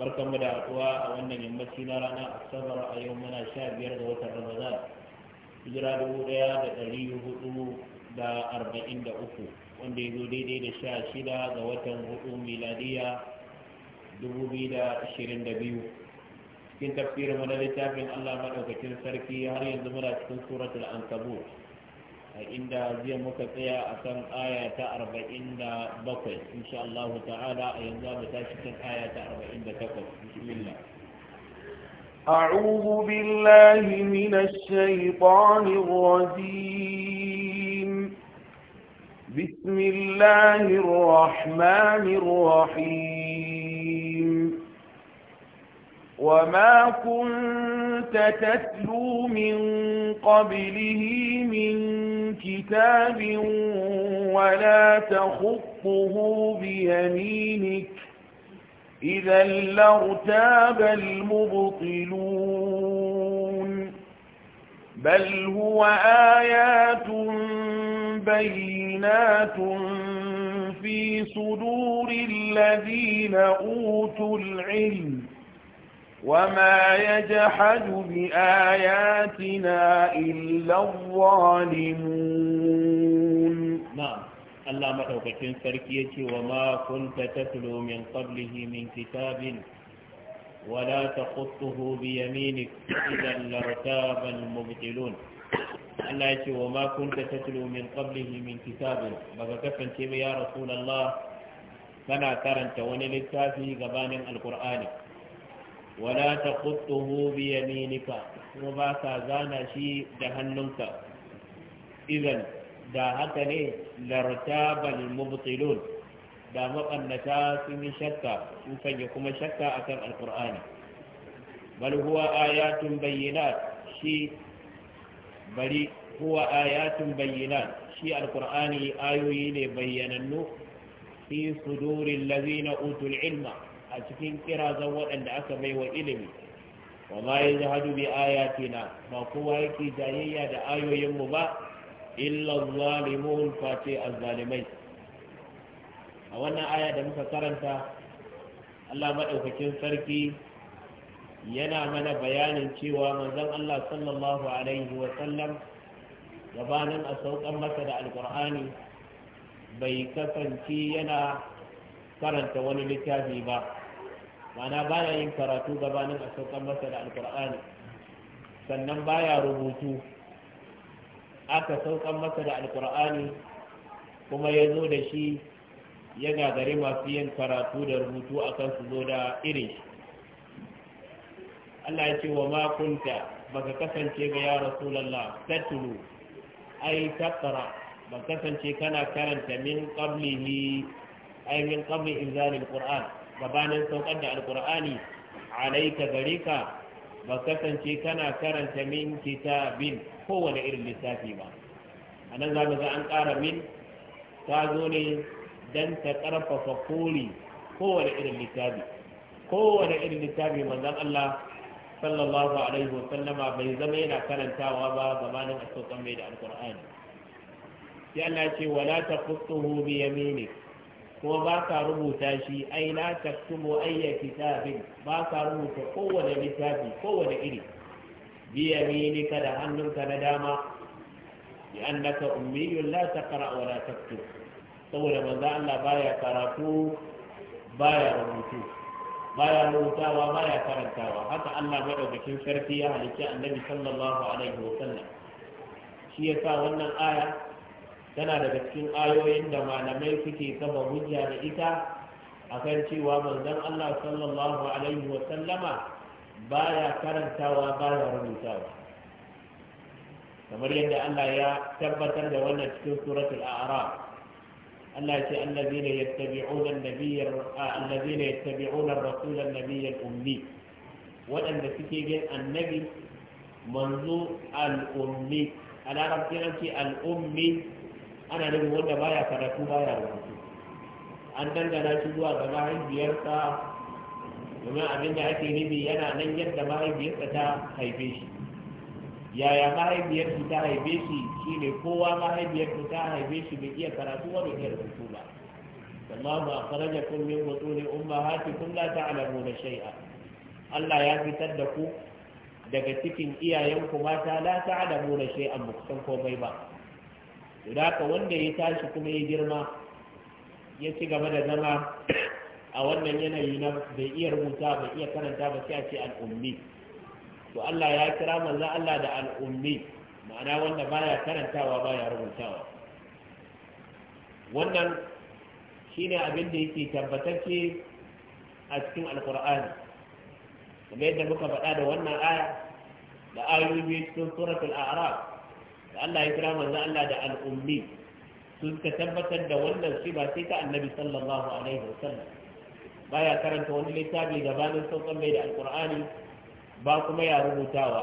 barkan mu da haɗuwa a wannan yammaci na ranar asabar a yau muna sha biyar ga watan ramadan hijira dubu ɗaya da ɗari hudu da arba'in da uku wanda ya zo daidai da sha shida ga watan hudu miladiya dubu biyu da ashirin da biyu cikin tafsirin mu na littafin allah maɗaukacin sarki har yanzu muna cikin suratul ankabut a inda zai muka tsaya a kan aya ta arba'in da bakwai insha Allah ta'ala a yanzu mu tashi kan aya ta arba'in da takwas bismillah أعوذ بالله من الشيطان الرجيم بسم الله الرحمن الرحيم وما كنت تتلو من قبله من كتاب ولا تخطه بيمينك إذا لارتاب المبطلون بل هو آيات بينات في صدور الذين أوتوا العلم وما يجحد بآياتنا إلا الظالمون نعم الله مدوكتين سركية وما كنت تتلو من قبله من كتاب ولا تخطه بيمينك إذا لارتاب المبطلون الله يقول وما كنت تتلو من قبله من كتاب بقى كفن يا رسول الله كان كرنت ونلتافي قبان القرآن wala taqutuhu bi yaminika kuma ba ka zana shi da hannunka idan da haka ne lartabal mubtilun da maƙannata sun yi shakka sun sanya kuma shakka akan alqur'ani bal huwa ayatun bayyana shi alkur'ani huwa ayatun bayyinat shi alqur'ani ayoyi ne bayyanannu fi sudurin lazina utul ilma a cikin kirazan waɗanda aka bai wa ilimi wa ma ya zahadu bi ayatina ba kowa yake jayayya da ayoyinmu ba illa zalimun face azzalimai a wannan aya da muka karanta Allah maɗaukakin sarki yana mana bayanin cewa manzon Allah sallallahu alaihi wa sallam gabanin a saukan masa da alkur'ani bai kasance yana karanta wani littafi ba mana baya yin karatu gabanin a saukan masa da alkur'ani sannan baya rubutu aka saukan masa da alkur'ani kuma ya zo da shi ya gagari masu yin karatu da rubutu a kan su zo da irin Allah ya ce wa makunta baka kasance ga ya rasulallah tatulu ai taqra baka kasance kana karanta min qablihi ai min qabli inzalil qur'an gabanin saukar da alkur'ani alaika gare ka ba kasance kana karanta min kitabin kowane irin lissafi ba a nan za ga an ƙara min ta zo ne don ta ƙarfafa kori kowane irin littafi kowane irin littafi manzon Allah sallallahu alaihi wa sallama bai zama yana karantawa ba gabanin a mai da alkur'ani sai Allah ce wala taqutuhu bi yaminik kuma ba ka rubuta shi ai la taktumu ayya kitabin ba ka rubuta kowane littafi kowane iri bi yaminika da hannunka na dama bi annaka ummiyun la taqra wa la taktub saboda manzo Allah baya karatu baya rubutu baya rubutawa baya karantawa haka Allah madaukakin sarki ya halicci annabi sallallahu alaihi wa sallam shi yasa wannan aya tana daga cikin ayoyin da malamai suke kafa hujja da ita akan cewa manzon Allah sallallahu alaihi wa sallama baya karantawa baya rubutawa kamar yadda Allah ya tabbatar da wannan cikin suratul a'raf Allah ya ce allazina yattabi'una an-nabiyya allazina yattabi'una ar-rasula an-nabiyya al-ummi waɗanda suke bin annabi manzo al-ummi a larabci ce al-ummi ana nufin wanda baya karatu baya rubutu an dangana shi zuwa ga mahaifiyarsa domin abin da ake nufi yana nan yadda mahaifiyarsa ta haife shi yaya mahaifiyarsa ta haife shi shine kowa mahaifiyarsa ta haife shi bai iya karatu ba bai iya rubutu ba wallahu akhrajakum min butuni kun la da shai'a Allah ya fitar da ku daga cikin iyayenku mata la alamu da ba san komai ba to da haka wanda ya tashi kuma ya girma ya ci gaba da zama a wannan yanayi na bai iya rubuta bai iya karanta ba sai a ce al'ummi to Allah ya kira manzo Allah da al'ummi ma'ana wanda baya karantawa baya rubutawa wannan shine abin da yake tabbatacce a cikin alkur'ani kamar yadda muka faɗa da wannan aya da ayoyi cikin suratul a'raf Allah ya kira manzo Allah da al'ummi su suka tabbatar da wannan shi sai ta annabi sallallahu alaihi wasallam baya karanta wani littafi gabanin sauƙan mai da Alƙur'ani ba kuma ya rubutawa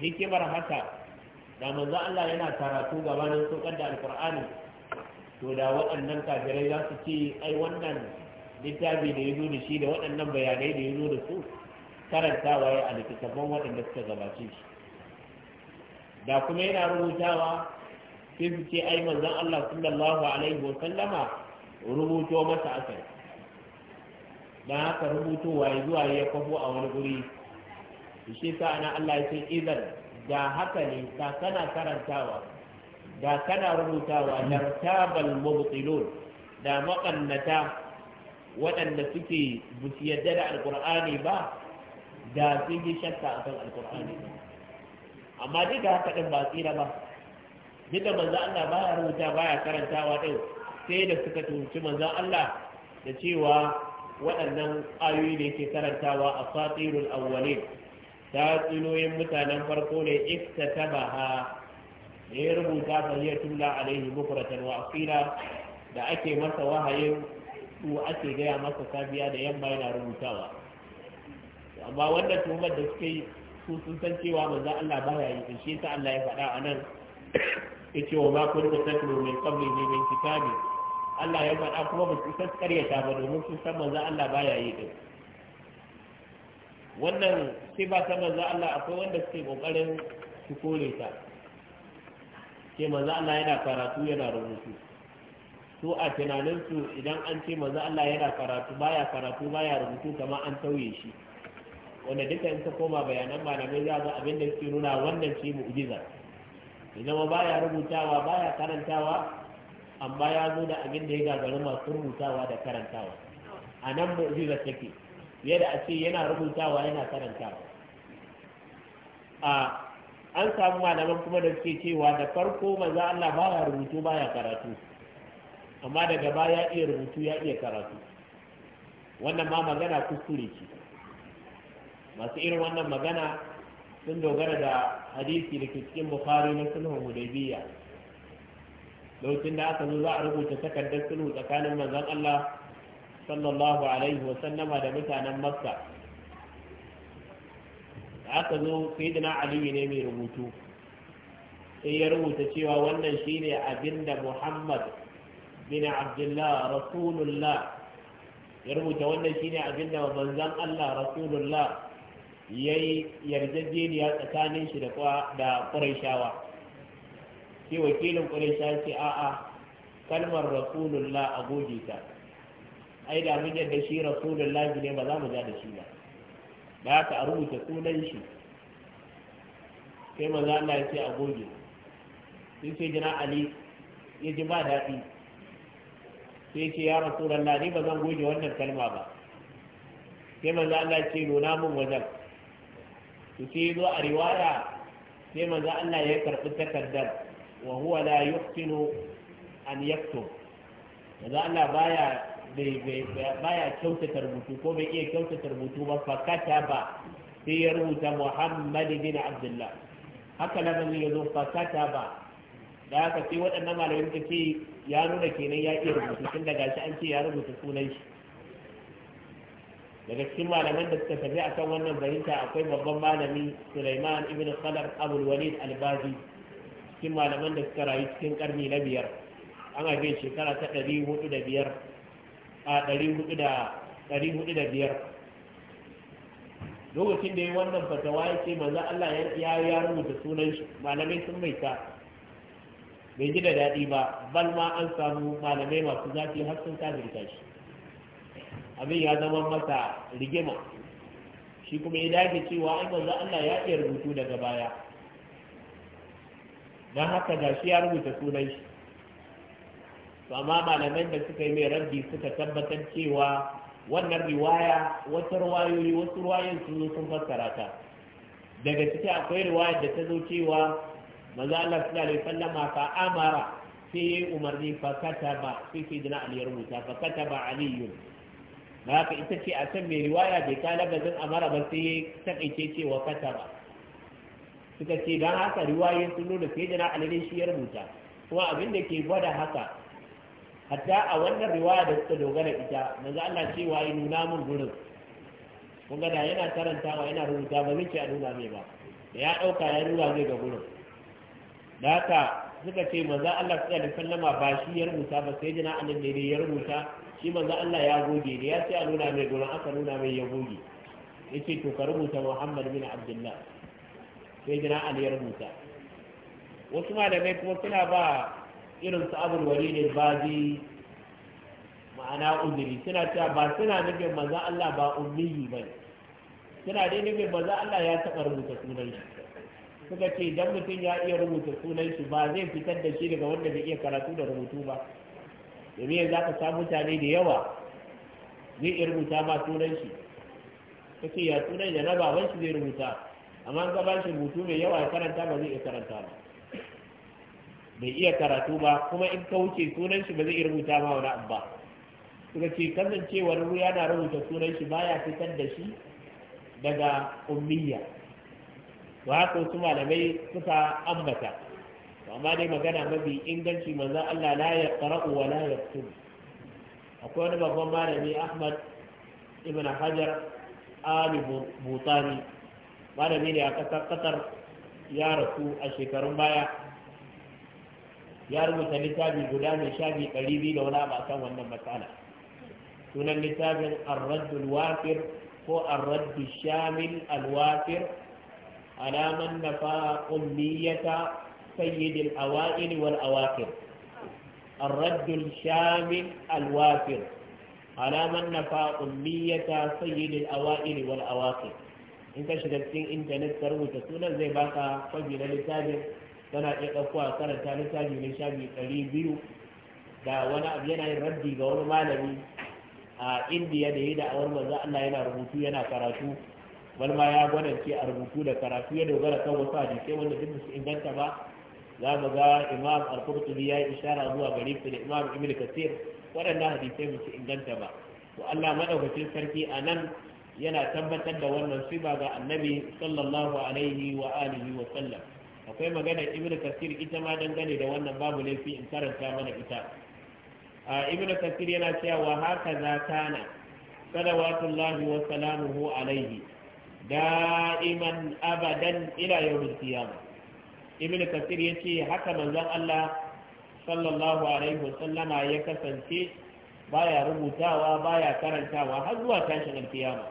hikimar haka da manzo Allah yana karatu gabanin sauƙan da Alƙur'ani. to da waɗannan kafirai za su ce ai wannan littafi da ya zo da shi da waɗannan bayanai da ya zo da su karantawa ya a littattafan waɗanda suka gabace shi da kuma yana rubutawa sai su ce ai manzon Allah sallallahu alaihi wa sallama rubuto masa asali dan haka rubuto waye zuwa ya kwafo a wani guri shi sa ana Allah ya ce idan da haka ne ka kana karantawa da kana rubutawa da tabal mubtilun da maƙannata waɗanda suke bu yadda da alƙur'ani ba da sun yi shakka akan alƙur'ani ba amma duk da haka ɗin ba tsira ba duk da manzo Allah baya rubuta baya karantawa din sai da suka tunci manzan Allah da cewa waɗannan ayoyi da yake karantawa a fatirul awwali ta tsinoyin mutanen farko ne iftatabaha da ya rubuta fayyatullah alaihi bukuratan wa asira da ake masa wahayin su ake gaya masa safiya da yamma yana rubutawa amma wanda tuhumar da suka yi. su sun san cewa manzo Allah baya yi shi yasa Allah ya faɗa a nan yace wa ma kunta tatlu min ni min kitabi Allah ya faɗa kuma ba su san karyata ba domin sun san manzo Allah baya yi din wannan sai ba san manzo Allah akwai wanda suke kokarin su kore ta ke manzo Allah yana karatu yana rubutu su a tunaninsu idan an ce manzo Allah yana karatu baya karatu baya rubutu kamar an tauye shi wanda duka in ka koma bayanan malamai za ga abin da suke nuna wannan ce mu'jiza idan ba ya rubutawa ba ya karantawa amma ya zo da abin da ya gagari masu rubutawa da karantawa a nan mu'jiza take fiye da a ce yana rubutawa yana karantawa a an samu malaman kuma da suke cewa da farko maza Allah baya rubutu baya karatu amma daga baya iya rubutu ya iya karatu wannan ma magana kuskure ce masu irin wannan magana sun dogara da hadisi da cikin bukhari na sulhun hudaybiya lokacin da aka zo za a rubuta takardar sulhu tsakanin manzon Allah sallallahu alaihi wa da mutanen makka aka zo sayyidina aliyu ne mai rubutu sai ya rubuta cewa wannan shine abinda muhammad bin abdullah rasulullah ya rubuta wannan shine abinda manzon allah rasulullah ya yi yarjejeniya tsakanin shi da ƙuraishawa sai wakilin ƙuraisha ce a'a kalmar rasulullah a goge ta ai da mun yadda shi rasulullah ne ba za mu ja da shi ba da haka a rubuta sunan shi sai maza Allah ya ce a goge sai sai jina ali ya ji ba daɗi sai ce ya rasulullah ni ba zan goge wannan kalma ba sai maza Allah ya ce nuna min wajen to sai zo a riwaya sai manzo Allah ya karɓi takardar wa huwa la yuqtinu an manzo Allah baya baya kyautata rubutu ko bai iya kyautata rubutu ba fakata ba sai ya rubuta Muhammad bin Abdullah haka lamarin ya zo fakata ba da haka sai waɗannan malamin suka ce ya nuna kenan ya iya rubutu tun daga shi an ce ya rubuta sunan shi daga cikin malaman da suka tafi akan wannan fahimta akwai babban malami Sulaiman ibn Khalaf Abul Walid Al-Bazi cikin malaman da suka rayu cikin karni na biyar an haife shekara ta ɗari hudu da biyar a ɗari hudu da biyar lokacin da ya wannan fatawa ya ce manzo Allah ya ya rubuta sunan shi malamai sun mai ta bai ji da daɗi ba bal ma an samu malamai masu zafi har sun kafirta shi abin ya zama masa rigima shi kuma ya dace cewa ai manzo Allah ya iya rubutu daga baya dan haka da shi ya rubuta sunan shi to amma malaman da suka yi mai rabbi suka tabbatar cewa wannan riwaya wata riwayoyi wasu riwayoyin sun zo sun fassara ta daga ciki akwai riwayar da ta zo cewa maza Allah sallallahu alaihi wasallama fa amara sai umarni fa kataba sai sai dina ali rubuta fa kataba Aliyu. na haka ita ce a can mai riwaya bai ka labazin amara ba sai ya taƙaice ce wa ba suka ce don haka riwayoyin sun nuna sai da na alalin shi ya rubuta kuma abin da ke gwada haka hatta a wannan riwaya da suka dogara ita za Allah cewa yi nuna mun gurin kun ga da yana karantawa yana rubuta ba zai ce a nuna mai ba da ya ɗauka ya nuna zai ga gurin da haka suka ce maza Allah suka da sallama ba shi ya rubuta ba sai jina ya rubuta shi manzo Allah ya goge da ya sai a nuna mai gurin aka nuna mai ya goge yace to ka rubuta Muhammad bin Abdullah sai jira Ali ya rubuta wasu malamai kuma suna ba irin su Abul Walid bazi ma'ana uzuri suna cewa ba suna nufin manzo Allah ba ummiyi bane suna dai nufin manzo Allah ya taba rubuta sunan shi suka ce idan mutum ya iya rubuta sunan shi ba zai fitar da shi daga wanda bai iya karatu da rubutu ba domin yanzu aka samu mutane da yawa zai iya rubuta ma sunan shi kake ya sunan da na baban shi zai rubuta amma an gaban shi rubutu mai yawa ya karanta ba zai iya karanta ba bai iya karatu ba kuma in ka wuce sunan shi ba zai iya rubuta ma wani abu ba suka ce kasancewar ruwa na rubuta sunan shi baya fitar da shi daga ummiya wa haka wasu malamai suka ambata amma dai magana mafi inganci manzo Allah la yaqra'u wa la yaktub akwai wani babban malami Ahmad ibn Hajar Ali Butani malami ne a kasar Qatar ya rasu a shekarun baya ya rubuta littafi guda mai shafi ɗari biyu da wani abu akan wannan matsala sunan littafin arraddul wafir ko arraddul shamil alwafir alaman nafa ummiyata سيد الأوائل والأواخر الرد الشامل الوافر على من نفى أمية سيد الأوائل والأواخر in ka shiga cikin intanet ka rubuta sunan zai baka kwabi na littafin tana iya ɗaukowa karanta littafi na shafi ɗari biyu da wani abu yana yin raddi ga wani malami a indiya da ya da awar manzo Allah yana rubutu yana karatu wani ma ya gwanance a rubutu da karatu ya dogara kan wasu hadisai wanda duk su inganta ba za mu ga imam al-qurtubi ya yi ishara zuwa gari su da imam ibn kasir waɗannan hadisai mu ci inganta ba to Allah madaukakin sarki a nan yana tabbatar da wannan siba ga annabi sallallahu alaihi wa alihi wa sallam akwai magana ibn kasir ita ma dangane da wannan babu laifi in karanta mana ita a ibn kasir yana cewa haka za kana salawatullahi wa salamuhu alaihi da'iman abadan ila yawmil qiyamah ibn kasir ya ce haka manzon Allah sallallahu alaihi wasallama ya kasance baya rubutawa baya karantawa har zuwa tashin alkiyama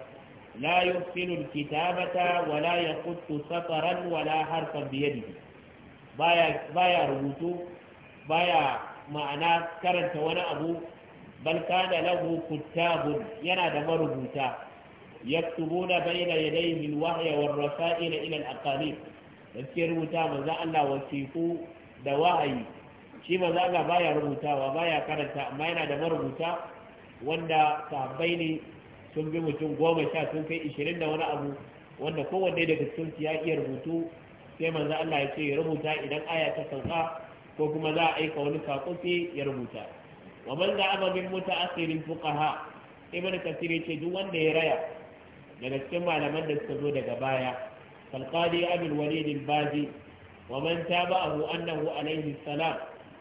la yusilu alkitabata wa la yaqutu sataran wa la harfan bi yadihi baya baya rubutu baya ma'ana karanta wani abu bal kana lahu kuttabun yana da marubuta yaktubuna bayna yadayhi alwahya war ila alaqalib da rubuta manzan Allah wasiku da wahayi shi manzan Allah baya rubutawa baya karanta amma yana da marubuta wanda sahabbai ne sun bi mutum goma sha sun kai ishirin da wani abu wanda kowanne daga cikin ya iya rubutu sai manzan Allah ya ce ya rubuta idan aya ta sauka ko kuma za a aika wani saƙo ya rubuta wa man da aba min muta'akhirin fuqaha ibnu kasir ya ce duk wanda ya raya daga cikin malaman da suka zo daga baya كالقاضي أبي الوليد البازي ومن تابعه أنه عليه السلام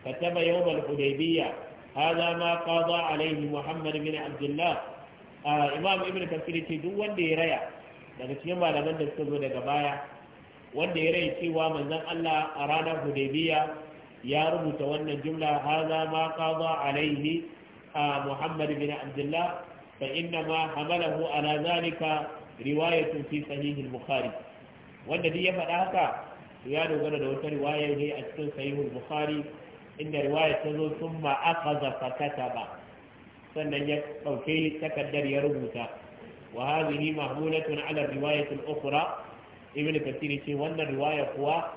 كتب يوم الحديبية هذا ما قضى عليه محمد بن عبد الله آه إمام ابن كثير تدو وندي ريا daga cikin malaman da suka daga baya wanda ya rai cewa manzon Allah a ranar Hudaibiya ya rubuta wannan jumla haza ma qada alaihi Muhammad bin Abdullah fa inna ma hamalahu ala zalika riwayatun fi sahih wanda duk ya faɗa haka ya dogara da wata riwaya ne a cikin sahihul bukhari inda riwaya ta zo sun ma akaza fakata ba sannan ya ɗauke takardar ya rubuta wa hadhihi mahmulatun ala riwayatil ukhra ibn kathir ce wannan riwaya kuwa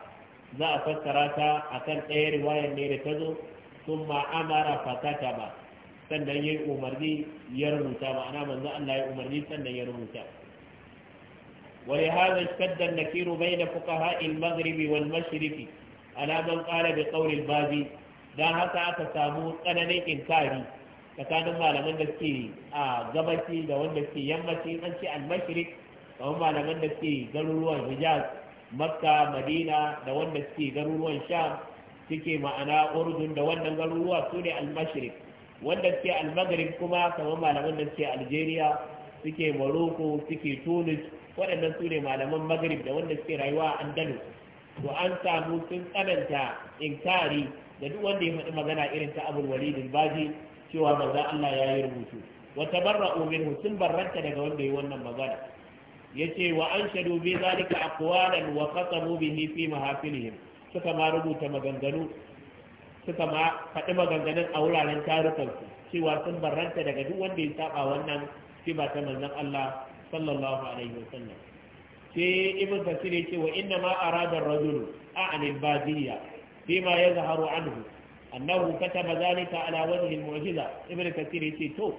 za a fassara ta akan ɗaya riwayar ne da ta zo sun ma amara fakata ba sannan ya yi umarni ya rubuta ma'ana manzo Allah ya umarni sannan ya rubuta ولهذا اشتد النكير بين فقهاء المغرب والمشرق a من قال بقول Bazi, dan haka aka samu tsananin inkari tsakanin malaman da ke a gabashi da wanda ke yammaci an ce almashirik kamar malaman da ke garuruwan hijaz makka madina da wanda ke garuruwan sham suke ma'ana urdun da wannan garuruwa su ne almashirik wanda suke almagrib kuma kamar malaman da ke algeria suke morocco suke tunis waɗannan su ne malaman maghrib da wanda suke rayuwa a andalus to an samu sun tsananta inkari da duk wanda ya faɗi magana irin ta abul walid baji cewa manzo Allah ya yi rubutu wa tabarra'u minhu sun barranta daga wanda ya wannan magana yace wa anshadu bi zalika aqwalan wa qatamu bihi fi mahafilihim suka ma rubuta maganganu suka ma faɗi maganganun a wuraren tarukan cewa sun barranta daga duk wanda ya saba wannan ba ta manzon Allah sallallahu alaihi wasallam sai ibn kasir yace wa inna ma arada ar-rajulu ya al-badiyya bima yazharu anhu annahu kataba zalika ala wajhi al-mu'jiza ibn kasir yace to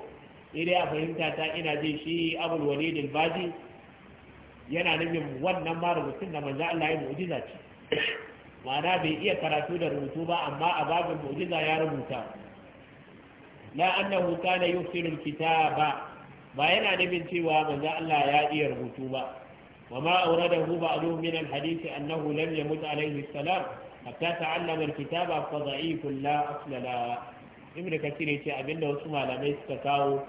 sai a fahimta ta ina jin shi abul walid al-badi yana nufin wannan ma rubutun da manzo Allah ya mu'jiza ce ma'ana bai iya karatu da rubutu ba amma a babin mu'jiza ya rubuta la annahu kana yusilu al-kitaba ba yana da nufin cewa manzo Allah ya iya rubutu ba wa ma awradahu ba'du min al-hadith annahu lam yamut alayhi salam hatta ta'allama al-kitaba fa da'ifun la asla la da kathir yace abinda wasu malamai suka kawo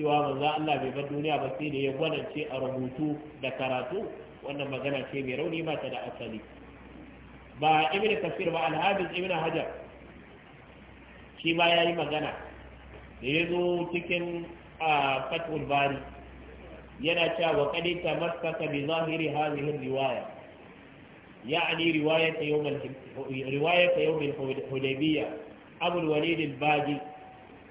cewa manzo Allah bai bar duniya ba sai da ya gwanance a rubutu da karatu wannan magana ce mai rauni ba ta da asali ba ibn kafir ba al-hafiz ibn hajar shi ma yayi magana da ya zo cikin a fatul bari yana cewa wa kadai ta maskaka bi zahiri hazihin riwaya ya ani riwaya ta yau mai hudabiya abul walidin baji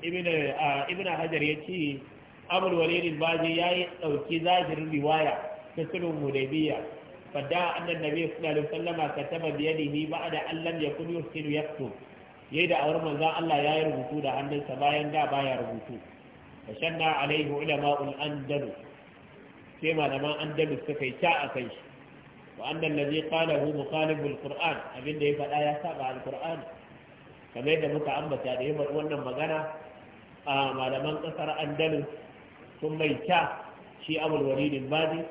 ibina hajar ya ce abul walidin baji ya yi ɗauki zahirin riwaya ta sunan hudabiya fadda annan nabi sallallahu alaihi wasallam ka taba biya da hi ba da allan ya kunu yusinu yakto Yai da awar manzon Allah ya yi rubutu da hannunsa bayan da baya rubutu fashanna alaihi ulama'ul andalus sai malaman andalus suka yi ta a kai shi wa annal ladhi qalahu mukhaliful qur'an abinda ya fada ya saba alqur'ani kamar yadda muka ambata da yawan wannan magana a malaman kasar andalu tun mai ta shi abul walidin bazi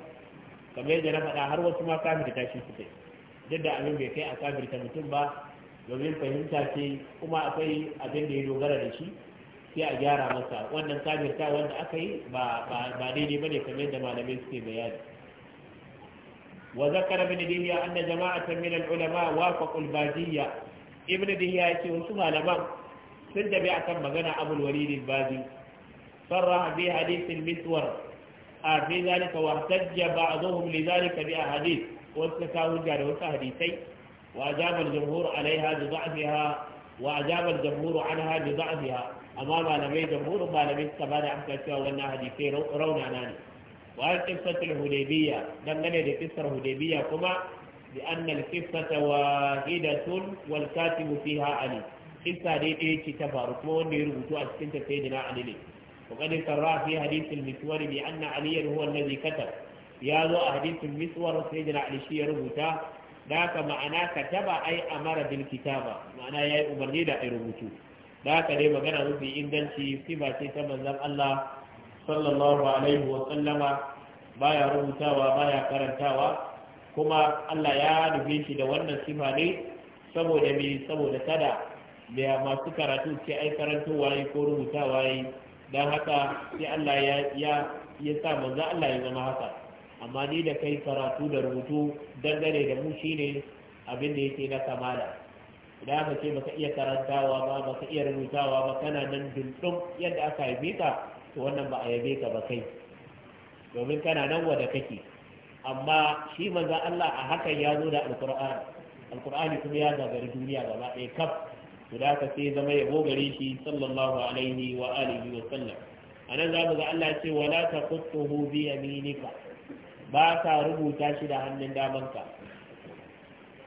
kamar yadda na faɗa har wasu ma kafirta shi suka yi duk da abin bai kai a kafirta mutum ba domin fahimta ce kuma akwai abin da ya dogara da shi sai a gyara masa wannan kafirta wanda aka yi ba daidai ba ne kamar yadda malamai suke bayani wa zakara bin dihiya anna jama'a min al-ulama wafaqu al ibn dihiya yace wasu malaman sun dabi akan magana abul walid al-badi sarraha bi hadith al-miswar a fi zalika wa tajja ba'dhum li zalika bi ahadith wasu kawo da wasu hadisai wa ajaba al-jumhur alaiha bi da'fiha amma malamai da burin malamai suka bada da amsa cewa wannan hadisai raunana ne wa an qissatul hudaybiyya dangane da qissar hudaybiyya kuma bi anna al qissata wahidatun wal katibu fiha ali qissa dai dai ce ta faru kuma wanda ya rubutu a cikin ta sayyidina ali ne wa qad sarra fi hadith al miswar bi anna ali huwa alladhi katab ya zo a hadith al miswar sayyidina ali shi ya rubuta da haka ma'ana kataba ai amara bil kitaba ma'ana yayi umarni da ai rubutu da aka dai magana mafi inganci ba ce ta manzan Allah sallallahu alaihi wa sallama baya rubutawa baya karantawa kuma Allah ya nufi shi da wannan sifa ne saboda me saboda kada da masu karatu ce ai karantowa waye ko rubutawa yi don haka sai Allah ya ya sa manzo Allah ya zama haka amma ni da kai karatu da rubutu dangane da mu shine abin da yake na kamala idan ka ce baka iya karantawa ba ka iya rubutawa ba kana nan dundum yadda aka haife ka to wannan ba a yabe ka ba kai domin kana nan wada kake amma shi manzon Allah a haka ya zo da alqur'ani alqur'ani kuma ya gagari duniya gaba ɗaya kaf to da aka sai zama ya gare shi sallallahu alaihi wa alihi wa sallam anan za mu ga Allah ya ce wala taqutuhu bi yaminika ba ka rubuta shi da hannun damanka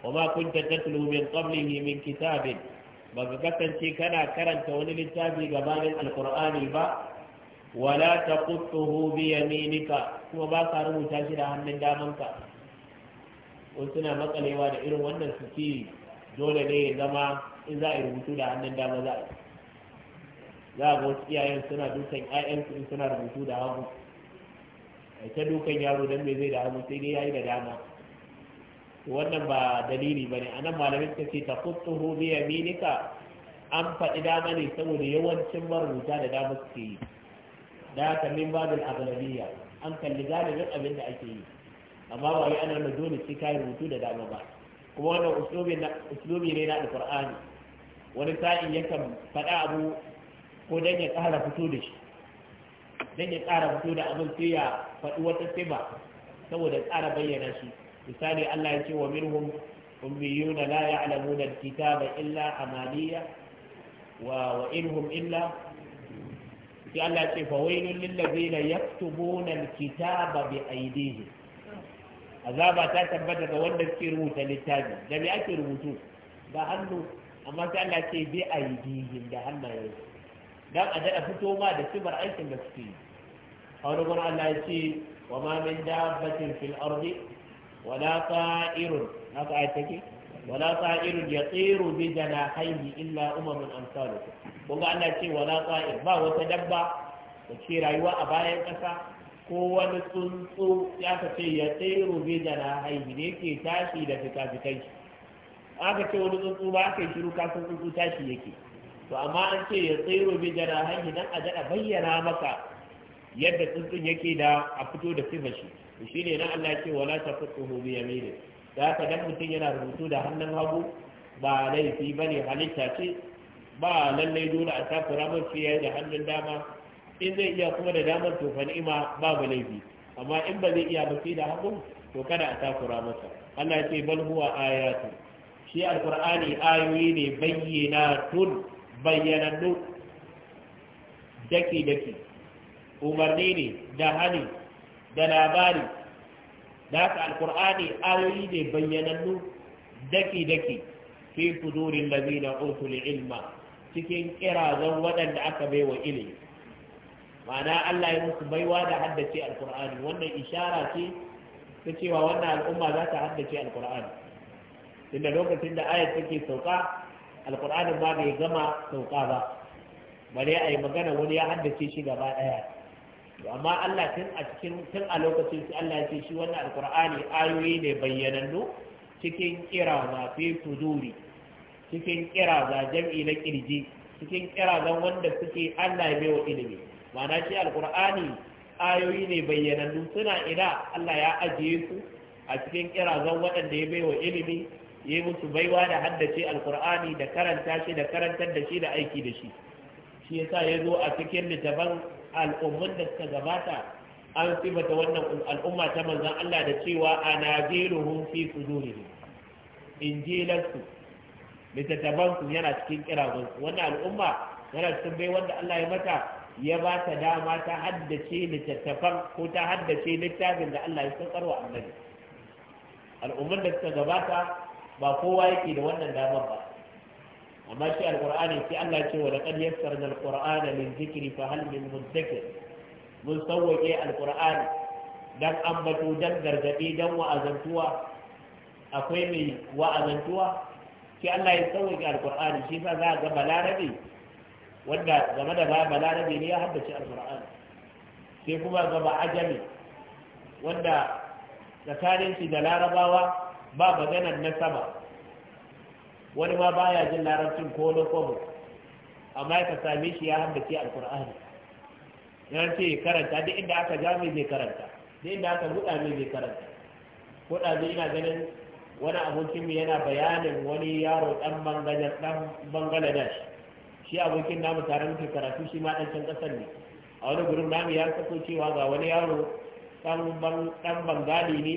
kun ta kunta tatlu min qablihi min kitabin ba ka kasance kana karanta wani littafi gabanin alqur'ani ba wala taqutuhu bi yaminika kuma ba ka rubuta shi da hannun damanka wasu suna matsalewa da irin wannan ci dole ne ya zama in za a rubutu da hannun dama za a za a ga wasu iyayen suna dukan ƴaƴansu in suna rubutu da hagu ta dukan yaro don me zai da hagu sai dai yayi da dama wannan ba dalili ba ne, anan malamin ta ce taqutuhu bi Minika. an faɗi dama ne saboda yawancin marubuta da dama suke yi da haka min babin agalabiya an kalli galibin abin da ake yi amma ba wai ana dole sai yi rubutu da dama ba kuma wannan uslubi ne na Alƙur'ani, wani sa'in yakan faɗa abu ko dan ya ƙara fito da shi dan ya ƙara fito da abin sai ya faɗi wata siba saboda ƙara bayyana shi misali Allah ya ce wa minhum ummiyuna la ya'lamuna al-kitaba illa amaliya. wa wa inhum illa sai Allah ya ce fa wailul lil ladina yaktubuna al-kitaba bi aydihim azaba ta tabbata ga wanda suke rubuta littafi da me ake rubutu da hannu amma sai Allah ya ce bi aidihim da hannayen dan a daɗa fito ma da sibar aikin da suke yi a wani gurin Allah ya ce wa ma min dabbatin fil ardi wala ta'irun haka ayat take wala ta'irun yatiru bi haihi illa umamun amsalukum kun ga Allah ce wala ta'ir ba wata dabba da ce rayuwa a bayan kasa ko wani tsuntsu ya ka ce ya tsiru bi haihi ne ke tashi da fikafikai aka ce wani tsuntsu ba aka yi shiru kafin tsuntsu tashi yake to amma an ce ya tsiru bi haihi dan a daɗa bayyana maka yadda tsuntsun yake da a fito da sifar shi to ne na Allah ce wala hobi ya yamini da haka dan mutum yana rubutu da hannun hagu ba laifi ba ne halitta ce ba lallai dole a takura ya fiye da hannun dama in zai iya kuma da damar to fa ni'ima babu laifi amma in ba zai iya ba da hagu to kada a takura masa Allah ce bal huwa ayatu shi alqur'ani ayoyi ne bayyana tun bayyanannu daki daki umarni ne da hali. da labari da haka alkur'ani ayoyi ne bayyanannu daki-daki fi sudurin lazina utul ilma cikin kirazon waɗanda aka baiwa ilimi ma'ana Allah ya musu baiwa da haddace alkur'ani wannan ishara ce ta cewa wannan al'umma za ta haddace alkur'ani tunda lokacin da ayat take sauka alkur'ani ba bai gama sauka ba bare a yi magana wani ya haddace shi gaba ɗaya amma Allah tun a cikin tun a lokacin shi Allah ya ce shi wannan alqur'ani ayoyi ne bayyanannu cikin kira ma fi fuduri cikin kira za jami'i na kirji cikin kirazan wanda suke Allah ya bai wa ilimi ma'ana shi alqur'ani ayoyi ne bayyanannu suna ina Allah ya ajiye su a cikin kira kirazan wanda ya bai wa ilimi ya yi musu baiwa da haddace alqur'ani da karanta shi da karantar da shi da aiki da shi shi yasa ya zo a cikin littafan Al'ummar da suka gabata an fi mata wannan al'umma ta manzan Allah da cewa a hun fi sudurihim injilansu littattafansu yana cikin kiragunsu wannan al'umma yana cikin bai wanda Allah ya mata ya ba ta dama ta haddace littattafan ko ta haddace littafin da Allah ya saukar wa annabi Al'ummar da suka gabata ba kowa yake da wannan damar ba amma shi alqur'ani sai Allah ce wa laqad yassarna alqur'ana min dhikri fa hal min mudakkir mun sauwake alqur'ani dan ambato dan gargadi dan wa'azantuwa akwai mai wa'azantuwa sai Allah ya sauwake alqur'ani shi sa za ga balarabi wanda game da balarabi ne ya haddace alqur'ani sai kuma gaba ajami wanda tsakanin shi da larabawa ba maganar na sama. wani ma baya jin larabcin ko na amma ka same shi ya ce alkur'ani ya ce karanta duk inda aka ja mai zai karanta duk inda aka buɗa mai zai karanta ko da zai ina ganin wani abokin mu yana bayanin wani yaro dan bangaladesh shi abokin namu tare muke karatu shi ma ɗancan can kasar ne a wani gurin namu ya sako cewa ga wani yaro dan bangali ne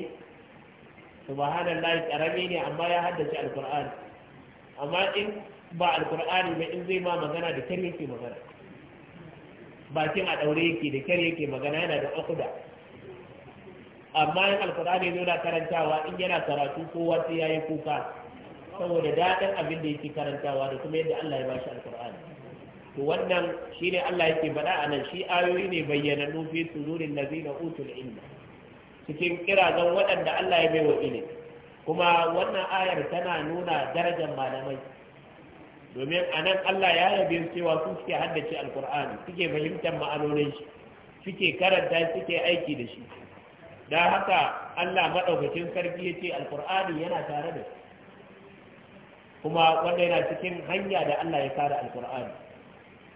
subhanallah ƙarami ne amma ya haddace alkur'ani amma in ba alkur'ani ba in zai ma magana da kyar yake magana bakin a daure yake da kyar yake magana yana da akuda amma in alkur'ani zo na karantawa in yana karatu ko wasu yayi kuka saboda daɗin abin da yake karantawa da kuma yadda Allah ya bashi alkur'ani to wannan shine Allah yake faɗa a nan shi ayoyi ne bayyana nufi suzurin lazina utul ilma cikin kirazan waɗanda Allah ya baiwa ilimi kuma wannan ayar tana nuna darajar malamai domin a nan Allah ya yabe cewa su suke haddace alkur'ani suke fahimtar ma'anonin shi suke karanta suke aiki da shi da haka Allah maɗaukacin sarki ya ce alkur'ani yana tare da su kuma wanda yana cikin hanya da Allah ya kare alkur'ani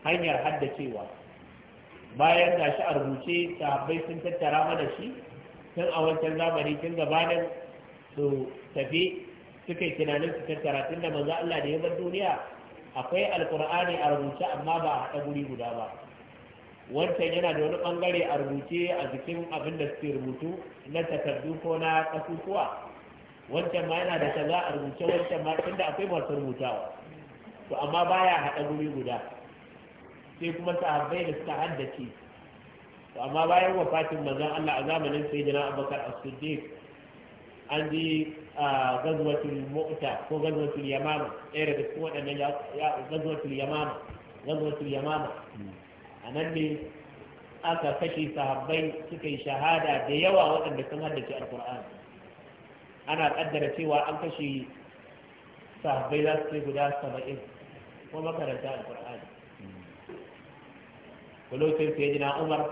hanyar haddacewa bayan ga shi a rubuce sahabbai sun tattara mana shi tun a wancan zamani tun gabanin su tafi suka yi tunanin su tattara tun da manzo Allah da ya bar duniya akwai alkur'ani a rubuce amma ba a haɗa guri guda ba wancan yana da wani bangare a rubuce a jikin abin da suke rubutu na takardu ko na kasusuwa wancan ma yana da kaza a rubuce wancan ma tunda akwai masu rubutawa to amma baya haɗa guri guda sai kuma sahabbai da suka haddace to amma bayan wafatin manzon Allah a zamanin sayyidina Abubakar As-Siddiq an ji gazwatul mu'ta ko gazwatul yamama ɗaya daga cikin waɗannan gazwatul yamama gazwatul yamama a nan ne aka kashe sahabbai suka yi shahada da yawa waɗanda sun haddace alƙur'ani ana ƙaddara cewa an kashe sahabbai za su kai guda saba'in ko makaranta alƙur'ani. sai jina Umar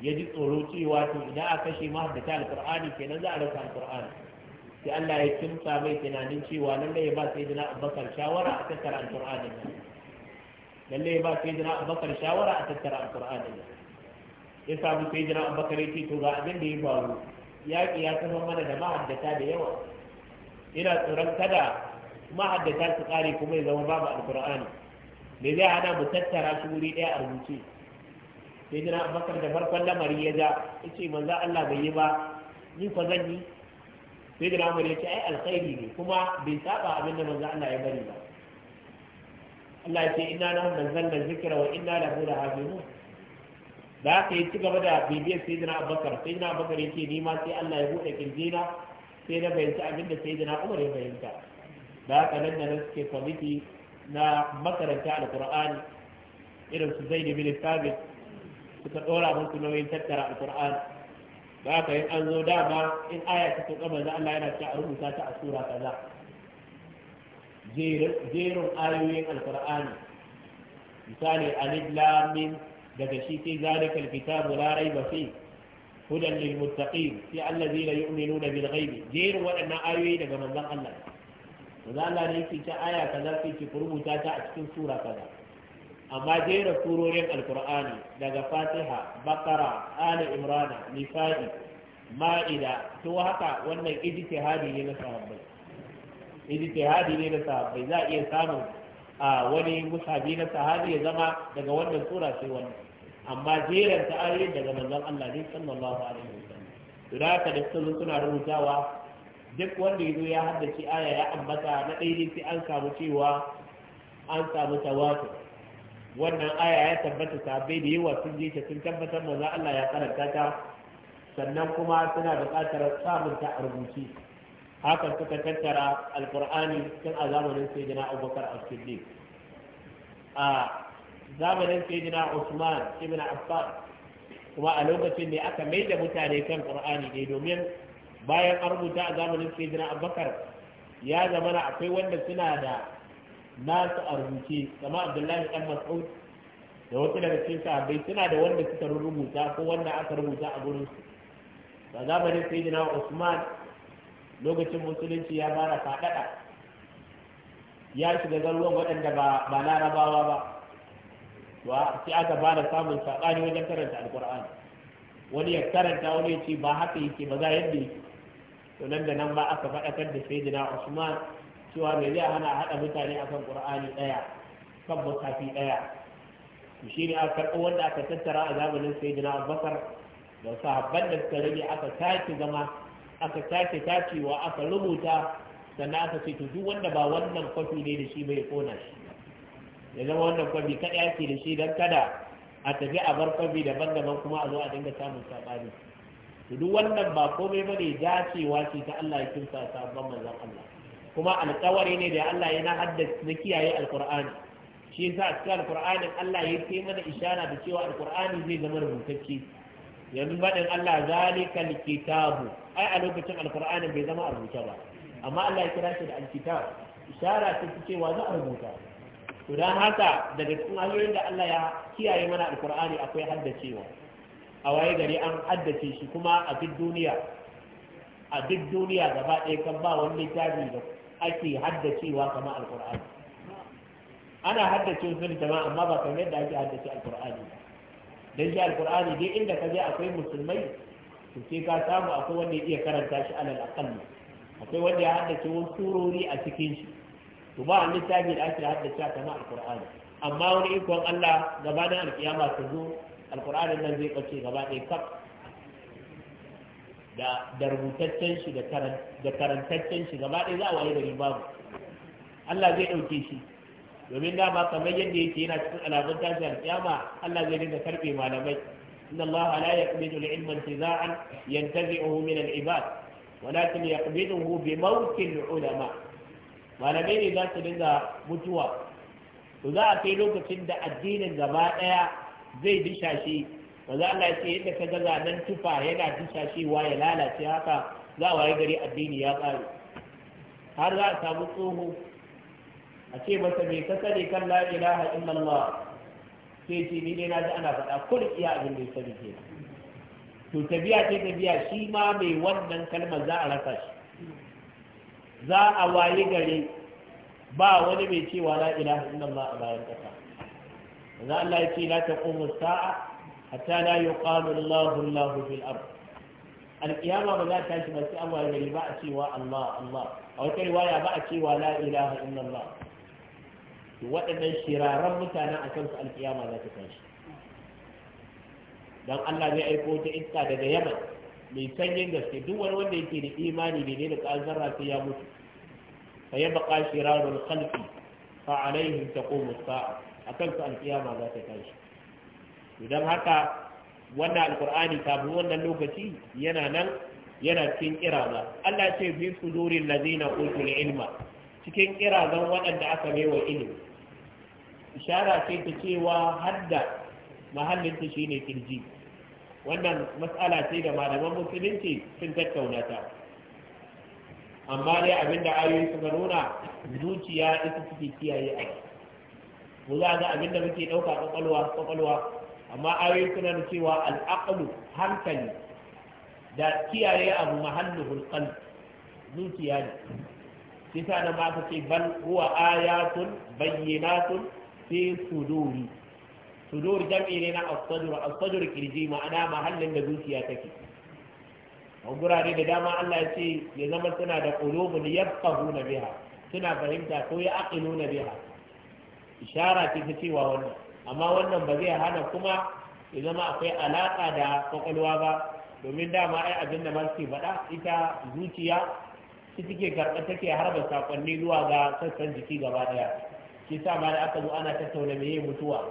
ya ji tsoro cewa to idan a kashe mahaddata Alƙur'ani kenan za a rasa alqur'ani sai Allah ya kimsa mai tunanin cewa lalle ya ba sayyidina Abubakar shawara a tattara Alƙur'ani. alqur'ani lalle ya ba sayyidina Abubakar shawara a tattara alqur'ani ya samu sayyidina Abubakar ya ce to ga abin da ya faru yaƙi ya kafa mana da mahaddata da yawa ina tsoron kada mahaddata su ƙare kuma ya zama babu Alƙur'ani. me zai hana mu tattara su wuri ɗaya a rubuce sai jira abubakar da farkon lamari ya ja ya ce manzo Allah bai yi ba ni fa zan yi sai jira umar ya ce ai alkhairi ne kuma bai saba abin da manzo Allah ya bari ba Allah ya ce inna nahnu nazzalna dhikra wa da lahu lahafizun da haka yi ci gaba da bibiyar sai jira abubakar sai jira abubakar ya ce ni ma sai Allah ya buɗe kirjina sai na fahimci abin da sai jira umar ya fahimta da haka nan da nan suke kwamiti na makaranta alkur'ani irin su zai bin sabit suka ɗora musu nauyin tattara alƙur'an Ba ka yi an zo dama in aya ta kama za Allah yana cewa a rubuta ta a sura kaza jerin ayoyin alƙur'ani misali alif lam daga shi sai zalikal kitabu la raiba fi hudan lil muttaqin sai allazina yu'minuna bil ghaibi jerin waɗannan ayoyi daga manzon Allah manzo Allah ne yake ta aya kaza ce ki rubuta ta a cikin sura kaza amma jera turorin alkur'ani daga fatiha bakara ali imrana nisa'i ma'ida to haka wannan ijtihadi ne na sahabbai ijtihadi ne na sahabbai za iya samun a wani musabi na sahabi ya zama daga wannan sura sai wannan amma jeran ta daga manzon Allah ne sallallahu alaihi wasallam to da haka da sunan suna rubutawa duk wanda yazo ya haddace aya ya ambata na daidai sai an samu cewa an samu tawatu wannan aya ya tabbata sabai da yawa sun je ta sun tabbatar maza Allah ya karanta ta sannan kuma suna buƙatar samun ta a rubuce hakan suka tattara alkur'ani tun a zamanin sayyidina abubakar as-siddiq a zamanin sayyidina usman ibn affan kuma a lokacin ne aka mai da mutane kan qur'ani ne domin bayan an rubuta a zamanin sayyidina abubakar ya zama akwai wanda suna da nasu a rubuce kama abdullahi dan mas'ud da wasu daga cikin sahabbai suna da wanda suka rubuta ko wanda aka rubuta a gurin su ba zamanin sayyidina usman lokacin musulunci ya fara faɗaɗa ya shiga garuruwan waɗanda ba ba larabawa ba to sai aka fara samun saɓani wajen karanta Alƙur'an. wani ya karanta wani ya ce ba haka yake ba za yadda yake to nan da nan ba aka faɗakar da jina usman cewa me zai hana haɗa mutane kan ƙur'ani ɗaya kan bukafi ɗaya shi ne aka karɓi wanda aka tattara a zamanin sayyidina Abbasar, da sahabban da suka rage aka tace zama aka tace tacewa aka rubuta sannan aka ce to duk wanda ba wannan kwafi ne da shi bai kona shi ya zama wannan kwafi kaɗai ake da shi don kada a tafi a bar kwafi daban-daban kuma a zo a dinga samun saɓani to duk wannan ba komai bane dacewa ce ta Allah ya kimsa sabon manzon Allah kuma alƙawari ne da Allah yana haddace na kiyaye alƙur'ani shi yasa a cikin alƙur'anin Allah ya kai mana ishara da cewa alƙur'ani zai zama rubutacce yanzu baɗin Allah zalika alkitabu ai a lokacin alƙur'anin bai zama a rubuta ba amma Allah ya kira shi da alkitab ishara ta cewa za a rubuta to dan haka daga cikin hanyoyin da Allah ya kiyaye mana alƙur'ani akwai haddacewa a waye gari an haddace shi kuma a duk duniya a duk duniya gaba ɗaya kan ba wani littafi da ake haddacewa kamar alkur'ani ana haddace su jama'a amma ba kamar yadda ake haddace alkur'ani dan shi alkur'ani dai inda ka je akwai musulmai to sai ka samu akwai wanda ya iya karanta shi alal aqall akwai wanda ya haddace wasu surori a cikin shi to ba wani littafi da ake haddace kamar alkur'ani amma wani ikon Allah gabanin alkiyama ta zo alkur'anin nan zai kace gaba ɗaya kaf da da rubutaccen shi da karantaccen shi gaba ɗaya za a waye gari babu Allah zai ɗauke shi domin dama kamar yadda yake yana cikin alamun tashi alƙiyama Allah zai dinga karɓe malamai inna Allah la yaqbidu al-ilma intiza'an yantazi'uhu min al-ibad walakin yaqbiduhu bi mawqil ulama malamai ne za su dinga mutuwa to za a kai lokacin da addinin gaba ɗaya zai disha shi manzo Allah ce yadda ka ga zanen tufa yana cewa ya lalace haka za waye gari addini ya ƙare har za a samu tsoho a ce masa me ka sani kan la ilaha illallah sai ce ni na ji ana faɗa kul iya abin da ya sani ke to tafiya ce tafiya shi ma mai wannan kalmar za a rasa shi za a waye gari ba wani mai cewa la ilaha illallah a bayan kasa. manzo Allah ya ce la taqumu sa'a حتى لا يقال الله الله في الأرض القيامة ولا تنسي بس أول يلي بأسي و الله الله أو تلي ويا بأسي و لا إله إلا الله وإذا الشرى رب تانا أكمس القيامة لا تنسي لأن الله يأيكو تإنسا دا يمن من سنين دست دول وين يتين إيماني بذين كالزرع تيامو فيبقى شرار الخلق فعليهم تقوم الساعة أكمس القيامة لا تنسي don haka wannan alkur'ani kafin wannan lokaci yana nan yana cikin kiraza Allah ce fi sudurin ladina utul ilma cikin kirazan waɗanda aka bai wa ilimi ishara ce ta cewa hadda ta shine kirji wannan matsala ce da malaman musulunci sun tattauna ta amma dai abinda ayoyi suka nuna zuciya ita suke kiyaye a mu za ga abinda muke ɗauka ƙwaƙwalwa ƙwaƙwalwa amma ayoyi suna da cewa al'aqlu hankali da kiyaye abu mahalluhul qalb zuciya ne shi sa nan ba ce bal huwa ayatun bayyinatun fi suduri sudur jam'i ne na as-sadr kirji ma'ana mahallin da zuciya take a gurare da dama Allah ya ce ya zama suna da qulubun yafqahuna biha suna fahimta ko ya aqiluna biha ishara ce ta cewa wannan amma wannan ba zai hana kuma ya zama akwai alaƙa da kwakwalwa ba domin dama ai abin da masu faɗa ita zuciya shi take karɓa take harba sakonni zuwa ga sassan jiki gaba ɗaya shi sa ma da aka zo ana tattauna meye mutuwa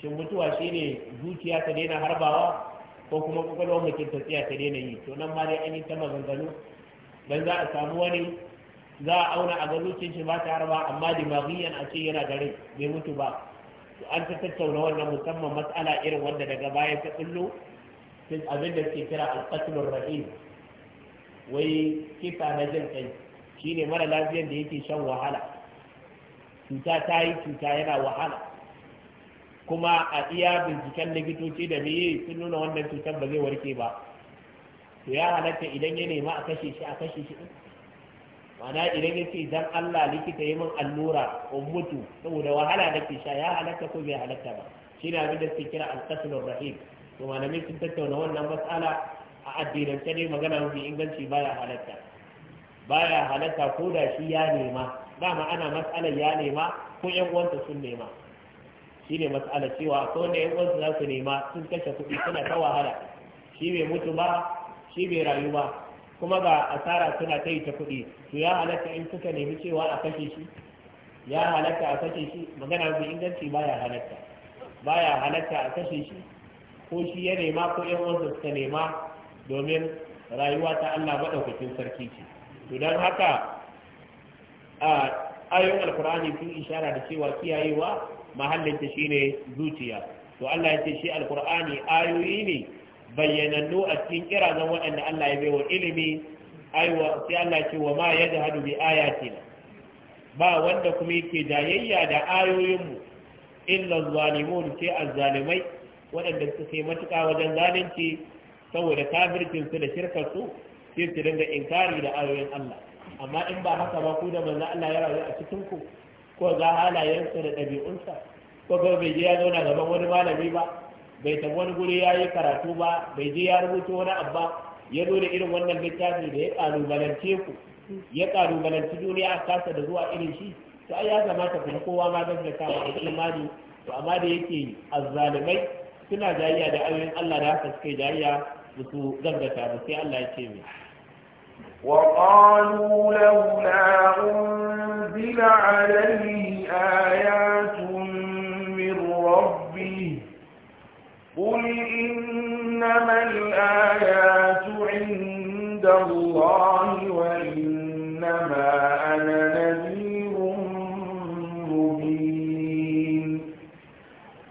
shin mutuwa shine zuciya ta daina harbawa ko kuma kwakwalwar mutum ta tsaya ta daina yi to nan ma dai an yi ta maganganu dan za a samu wani za a auna a ga zuciyar shi ba ta harba amma dimagiyan a ce yana da rai bai mutu ba an ta tattauna wannan musamman matsala irin wanda daga baya ta kullu sun abin da suke kira alƙatlun rahim wai kisa na jin kai ne mara lafiyan da yake shan wahala cuta ta yi cuta yana wahala kuma a iya binciken likitoci da meye sun nuna wannan cutar ba zai warke ba to ya halatta idan ya nema a kashe shi a kashe shi mana idan ya ce dan Allah likita yi min allura in mutu saboda wahala da sha ya halatta ko bai halatta ba shi ne abin da suke kira alkasulur rahim to malamai sun tattauna wannan matsala a ta ne magana mafi inganci baya halatta baya halatta ko da shi ya nema ma ana matsalar ya nema ko yan uwansa sun nema shi ne matsalar cewa ko wanda yan uwansa za su nema sun kashe kuɗi suna ta wahala shi bai mutu ba shi bai rayu ba kuma ga asara suna ta yi ta kuɗi to ya halatta in suka nemi cewa a kashe shi ya halatta a kashe shi magana mai inganci baya halatta baya halatta a kashe shi ko shi ya nema ko yan uwansa suka nema domin rayuwa ta Allah madaukakin sarki ce to dan haka a ayoyin alkur'ani sun ishara da cewa kiyayewa mahallin ta shine zuciya to Allah ya ce shi alkur'ani ayoyi ne bayyanannu a cikin kirazan waɗanda Allah ya baiwa ilimi aiwa sai Allah ce wa ma ya aya bi ayatina ba wanda kuma yake jayayya da ayoyinmu illa zalimun ke azzalimai waɗanda suke matuka matuƙa wajen zalunci saboda kafircin su da shirkar su sai su dinga inkari da ayoyin Allah amma in ba haka ba ku da manzo Allah ya rayu a cikin ku ko ga halayensa da ɗabi'unsa ko ga bai je ya zauna gaban wani malami ba bai tafi wani guri ya yi karatu ba bai je ya rubuta wani abba ya zo da irin wannan littafi da ya kalubalance ku ya kalubalanci duniya a kasa da zuwa irin shi to ai ya kamata kuma kowa ma gaskata a imani to amma da yake azzalimai suna jayya da ayoyin Allah da haka suke jayya su gaggata ba sai Allah ya ce mai وقالوا لولا أنزل عليه آيات إنما الآيات عند الله وإنما أنا نذير مبين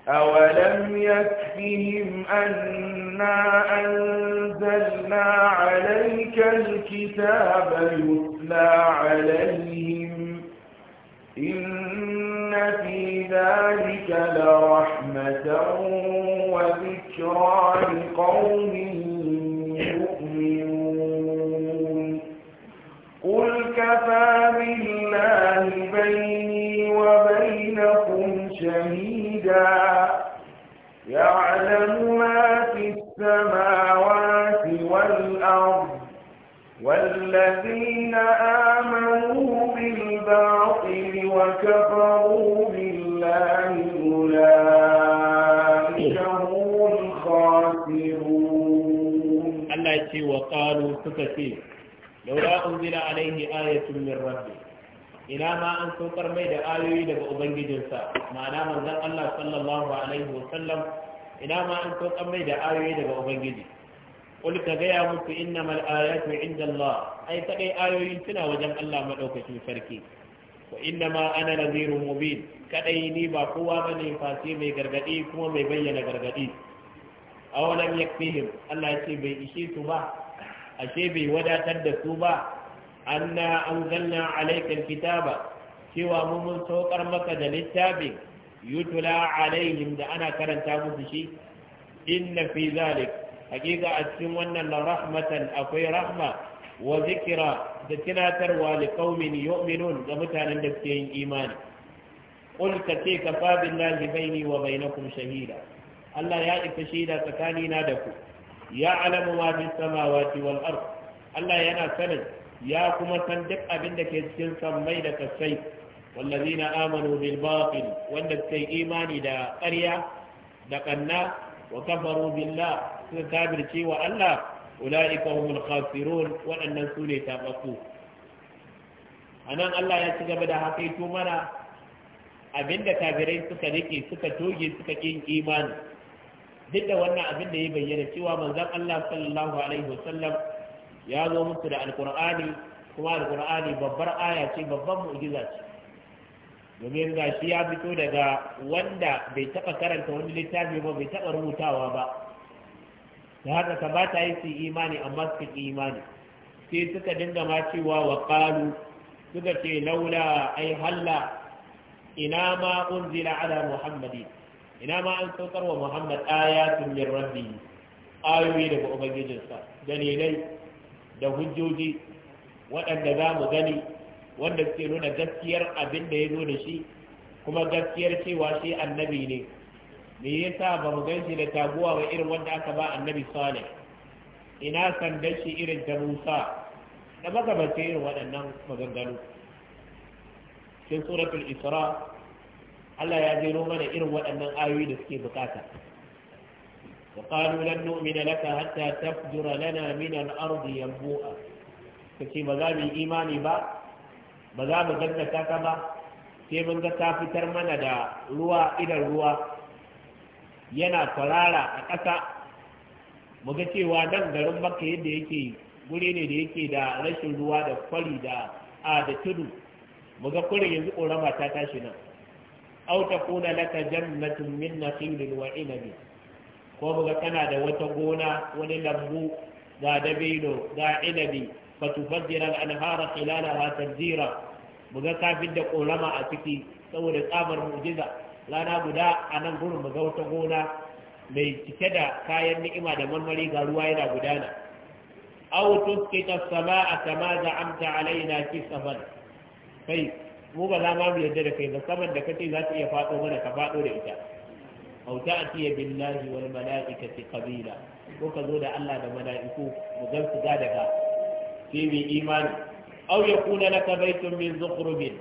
أولم يكفهم أنا أنزلنا عليك الكتاب يتلى عليهم إن في ذلك لرحمة وذكرى لقوم يؤمنون قل كفى بالله بيني وبينكم شهيدا يعلم ما في السماوات والأرض والذين آمنوا بالباطل وكفروا به الله أولئك هم الخاسرون الله يتي وقالوا سكتي لولا أنزل عليه آية من ربه ina ma an saukar mai da ayoyi daga ubangijinsa ma'ana manzon Allah sallallahu alaihi wa sallam. ina ma an saukar mai da ayoyi daga ubangiji qul ka gaya muku innamal ayatu inda Allah ai kadai ayoyin suna wajen Allah maɗaukacin sarki wa inna ma ana Naziru mubin kadai ni ba kowa bane fasi mai gargadi kuma mai bayyana gargadi awalam yakfihim Allah ya ce bai ishe su ba ashe bai wadatar da su ba anna anzalna alayka alkitaba cewa mu mun saukar maka da littafin yutula alaihim da ana karanta musu shi inna fi zalik hakika a cikin wannan la rahmatan akwai rahma wa zikira da tunatarwa da qaumin yu'minun ga mutanen da suke yin imani qul ka ce ka fa billahi baini wa bainakum shahida Allah ya isa shaida tsakani na da ku ya alamu ma fi samawati wal ard Allah yana sanin ya kuma san duk abin da ke cikin sammai da kasai wallazina amanu bil batil wanda suka yi imani da ƙarya da kanna wa kafaru billah suka kafirce wa Allah ulaika humul khasirun waɗannan su ne A anan Allah ya ci gaba da hakaito mana abinda kafirai suka rike suka toge suka kin imani duk da wannan abin da ya bayyana cewa manzon Allah sallallahu alaihi wasallam ya zo musu da alqur'ani kuma alqur'ani babbar aya ce babban mu'jiza ce domin shi ya fito daga wanda bai taba karanta wani littafi ba bai taba rubutawa ba da haka ta ba ta yi su imani amma suka imani sai suka dinga ma cewa wa ƙalu suka ce laula ai halla ina ma unzila ala muhammadi ina ma an saukar wa muhammad ayatun min rabbi ayoyi daga ubangijinsa dalilai da hujjoji waɗanda za mu gani wanda suke nuna gaskiyar abin da ya zo da shi kuma gaskiyar cewa shi annabi ne me yasa ba mu ganshi da taguwa ba irin wanda aka ba annabi salih ina sandan shi irin ta musa da magabata irin waɗannan maganganu cikin suratul isra Allah ya jero mana irin waɗannan ayoyi da suke bukata wa qalu lan nu'mina laka hatta tafjura lana min al-ardi yanbu'a kace ba za mu yi imani ba ba za mu gaggata ka ba sai mun ga ta fitar mana da ruwa idan ruwa yana farara a ƙasa mu ga cewa nan garin makka yadda yake guri ne da yake da rashin ruwa da kwari da a da tudu mu ga kurin yanzu ƙorama ta tashi nan aw kuna laka jannatun min nakhilin wa inabi ko mu ga kana da wata gona wani lambu ga dabino ga inabi fa tufajjira al-anhara khilalaha tanzira mu ga kafin da ƙorama a ciki saboda tsamar mu'jiza rana guda a nan gurin mu ga wata gona mai cike da kayan ni'ima da marmari ga ruwa yana gudana aw tusqita samaa kama za'amta alaina safar kai mu ba za mu yarda da kai ba saman da kace za ta iya fado mana ka fado da ita aw ta'ti billahi wal malaikati qabila ko ka zo da Allah da mala'iku mu gamsu ga daga sai imani aw yakuna laka baytun min zukhrubin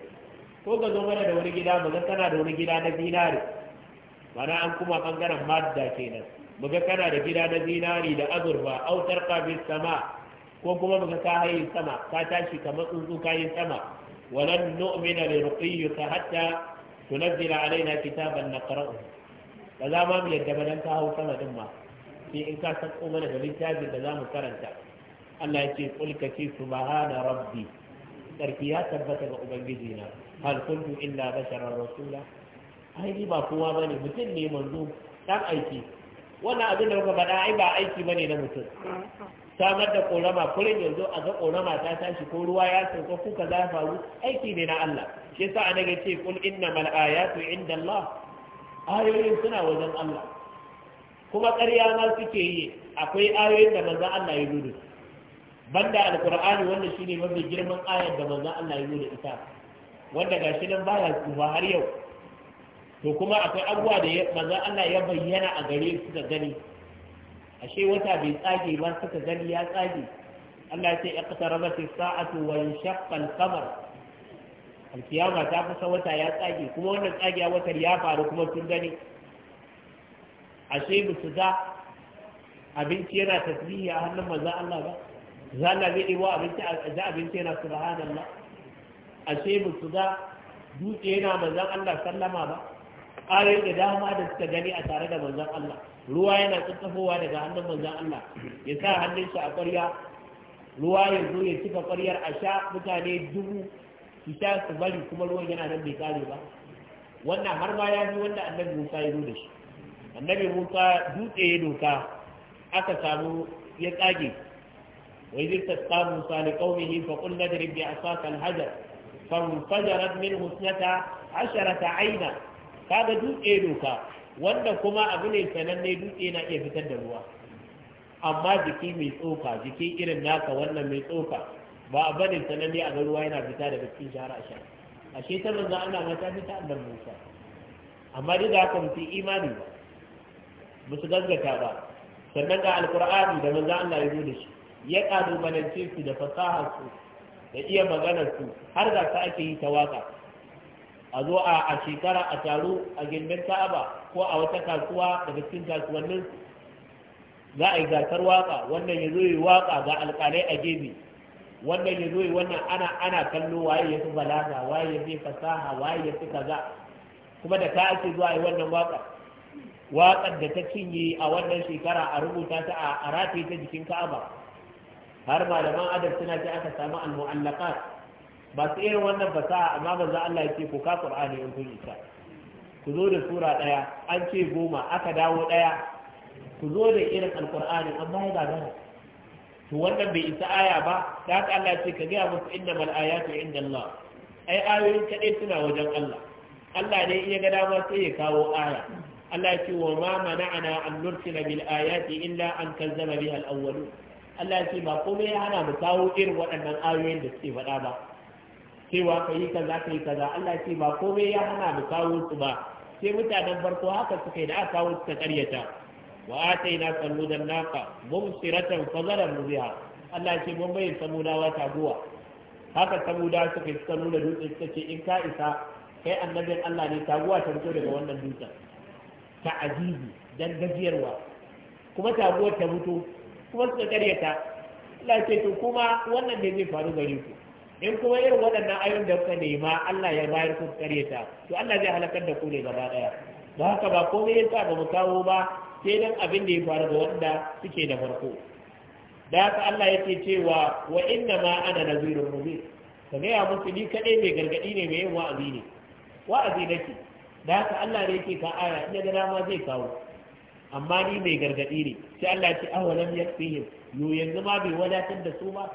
ko ka zo mana da wani gida mu kana da wani gida na zinari mana an kuma bangaren madda kenan mu kana da gida na zinari da azurfa autar qabis sama ko kuma mu ka hayi sama ka tashi kamar tsuntsu ka yi sama walan nu'mina li ruqiyyika hatta tunazzila alaina kitaban naqra'u ba za ma mu yadda ba dan ka hau sama din ma sai in ka sako mana da littafin da za mu karanta Allah ya ce kulka ce subhana rabbi sarki ya tabbata ga ubangiji na hal kuntu illa basharar rasula ai ni ba kowa bane mutum ne manzo dan aiki wannan abin da muka faɗa ai ba aiki ba ne na mutum samar da korama kullum yanzu a ga ƙorama ta tashi ko ruwa ya sauka ko kaza ya faru aiki ne na Allah shi yasa annabi ce kul innamal ayatu indallah ayoyin suna wajen Allah kuma ƙarya ma suke yi akwai ayoyin da manzon Allah ya gudu banda alqur'ani wannan shine mafi girman ayar da manzon Allah ya gudu ita wanda gashi nan baya tsufa har yau to kuma akwai abubuwa da manzon Allah ya bayyana a gare su da gani ashe wata bai tsage ba suka gani ya tsage Allah ya ce iqtarabat as-sa'atu wa inshaqqa al-qamar alkiyama ta kusa wata ya tsage kuma wannan tsagiya watar ya faru kuma sun gani ashe ba su ga abinci yana tasbihi a hannun manzon Allah ba zalla zai ɗebo abinci a abinci yana subhanallah ashe ba su ga dutse yana manzan Allah sallama ba ayoyi da dama da suka gani a tare da manzan Allah ruwa yana tsakafowa daga hannun manzan Allah ya sa hannun shi a ƙwarya ruwa ya zo ya cika ƙwaryar a sha mutane dubu su sha su bari kuma ruwan yana nan bai kare ba wannan har ma ya fi wanda annabi Musa ya zo da shi annabi Musa dutse ya doka aka samu ya tsage wai zai tsaka Musa da kaumihi fa qul da asaka al-hajar fanfajarat min husnata ta aina ga dutse doka wanda kuma abu ne sananne dutse na iya fitar da ruwa amma jiki mai tsoka jiki irin naka wannan mai tsoka ba a bane sananne a ga ruwa yana fita daga cikin shahara sha ashe ta manzo Allah ma ta fita Allah Musa amma duk da haka mutum imani ba musu gaggata ba sannan ga alqur'ani da manzo Allah ya zo da shi ya kalubalance su da fasaha su da iya maganar su har da ta ake yi ta waka a zo a shekara a taro a gindin ka'aba ko a wata kasuwa daga cikin kasuwannin za a yi gasar waka wannan ya zo yi waka ga alkalai a gefe wannan ya zo yi wannan ana ana kallo waye ya fi balaga waye ya fi fasaha waye ya fi kaza kuma da ka ake zuwa yi wannan waka wakar da ta cinye a wannan shekara a rubuta ta a rataye ta jikin ka'aba har malaman adab suna ce aka samu al-mu'allaqat ba su irin wannan fasaha amma manzo Allah yake ku ka Qur'ani in kun isa ku zo da sura daya an ce goma aka dawo daya ku zo da irin alqur'ani amma ya gagara to wannan bai isa aya ba da haka Allah ce ka gaya musu innamal ayatu inda Allah ai ayoyin kadai suna wajen Allah Allah ne iya ga dama sai ya kawo aya Allah ya ce wa ma mana'ana an nursila bil ayati illa an kazzaba biha al-awwalun Allah ya ce ba komai ya hana mu kawo irin waɗannan ayoyin da suke faɗa ba cewa ka yi kaza ka yi kaza Allah ya ce ba komai ya hana mu kawo su ba sai mutanen farko haka suka yi da aka kawo suka karyata wa ataina samudan naqa siratan fazara muziha Allah ya ce mun bai samudawa taguwa haka samudawa suka yi suka nuna dutse suka ce in ka isa kai annabin Allah ne taguwa ta fito daga wannan dutsen ta ajibi dan gajiyarwa kuma tabuwar ta mutu kuma suka karyata Allah ce to kuma wannan da zai faru gare ku in kuma irin waɗannan ayon da kuka nema Allah ya bayar ku karyata to Allah zai halakar da ku ne gaba daya ba haka ba komai yasa ba mu kawo ba sai dan abin da ya faru ga wanda suke da farko da haka Allah yake cewa wa inna ma ana nazirun mubin ka gaya musu ni kaɗai mai gargadi ne mai yin wa'azi ne wa'azi nake da haka Allah ne yake ka aya inda da dama zai kawo amma ni mai gargadi ne sai Allah ya ce awalam yakfihim yo yanzu ma bai wadatar da su ba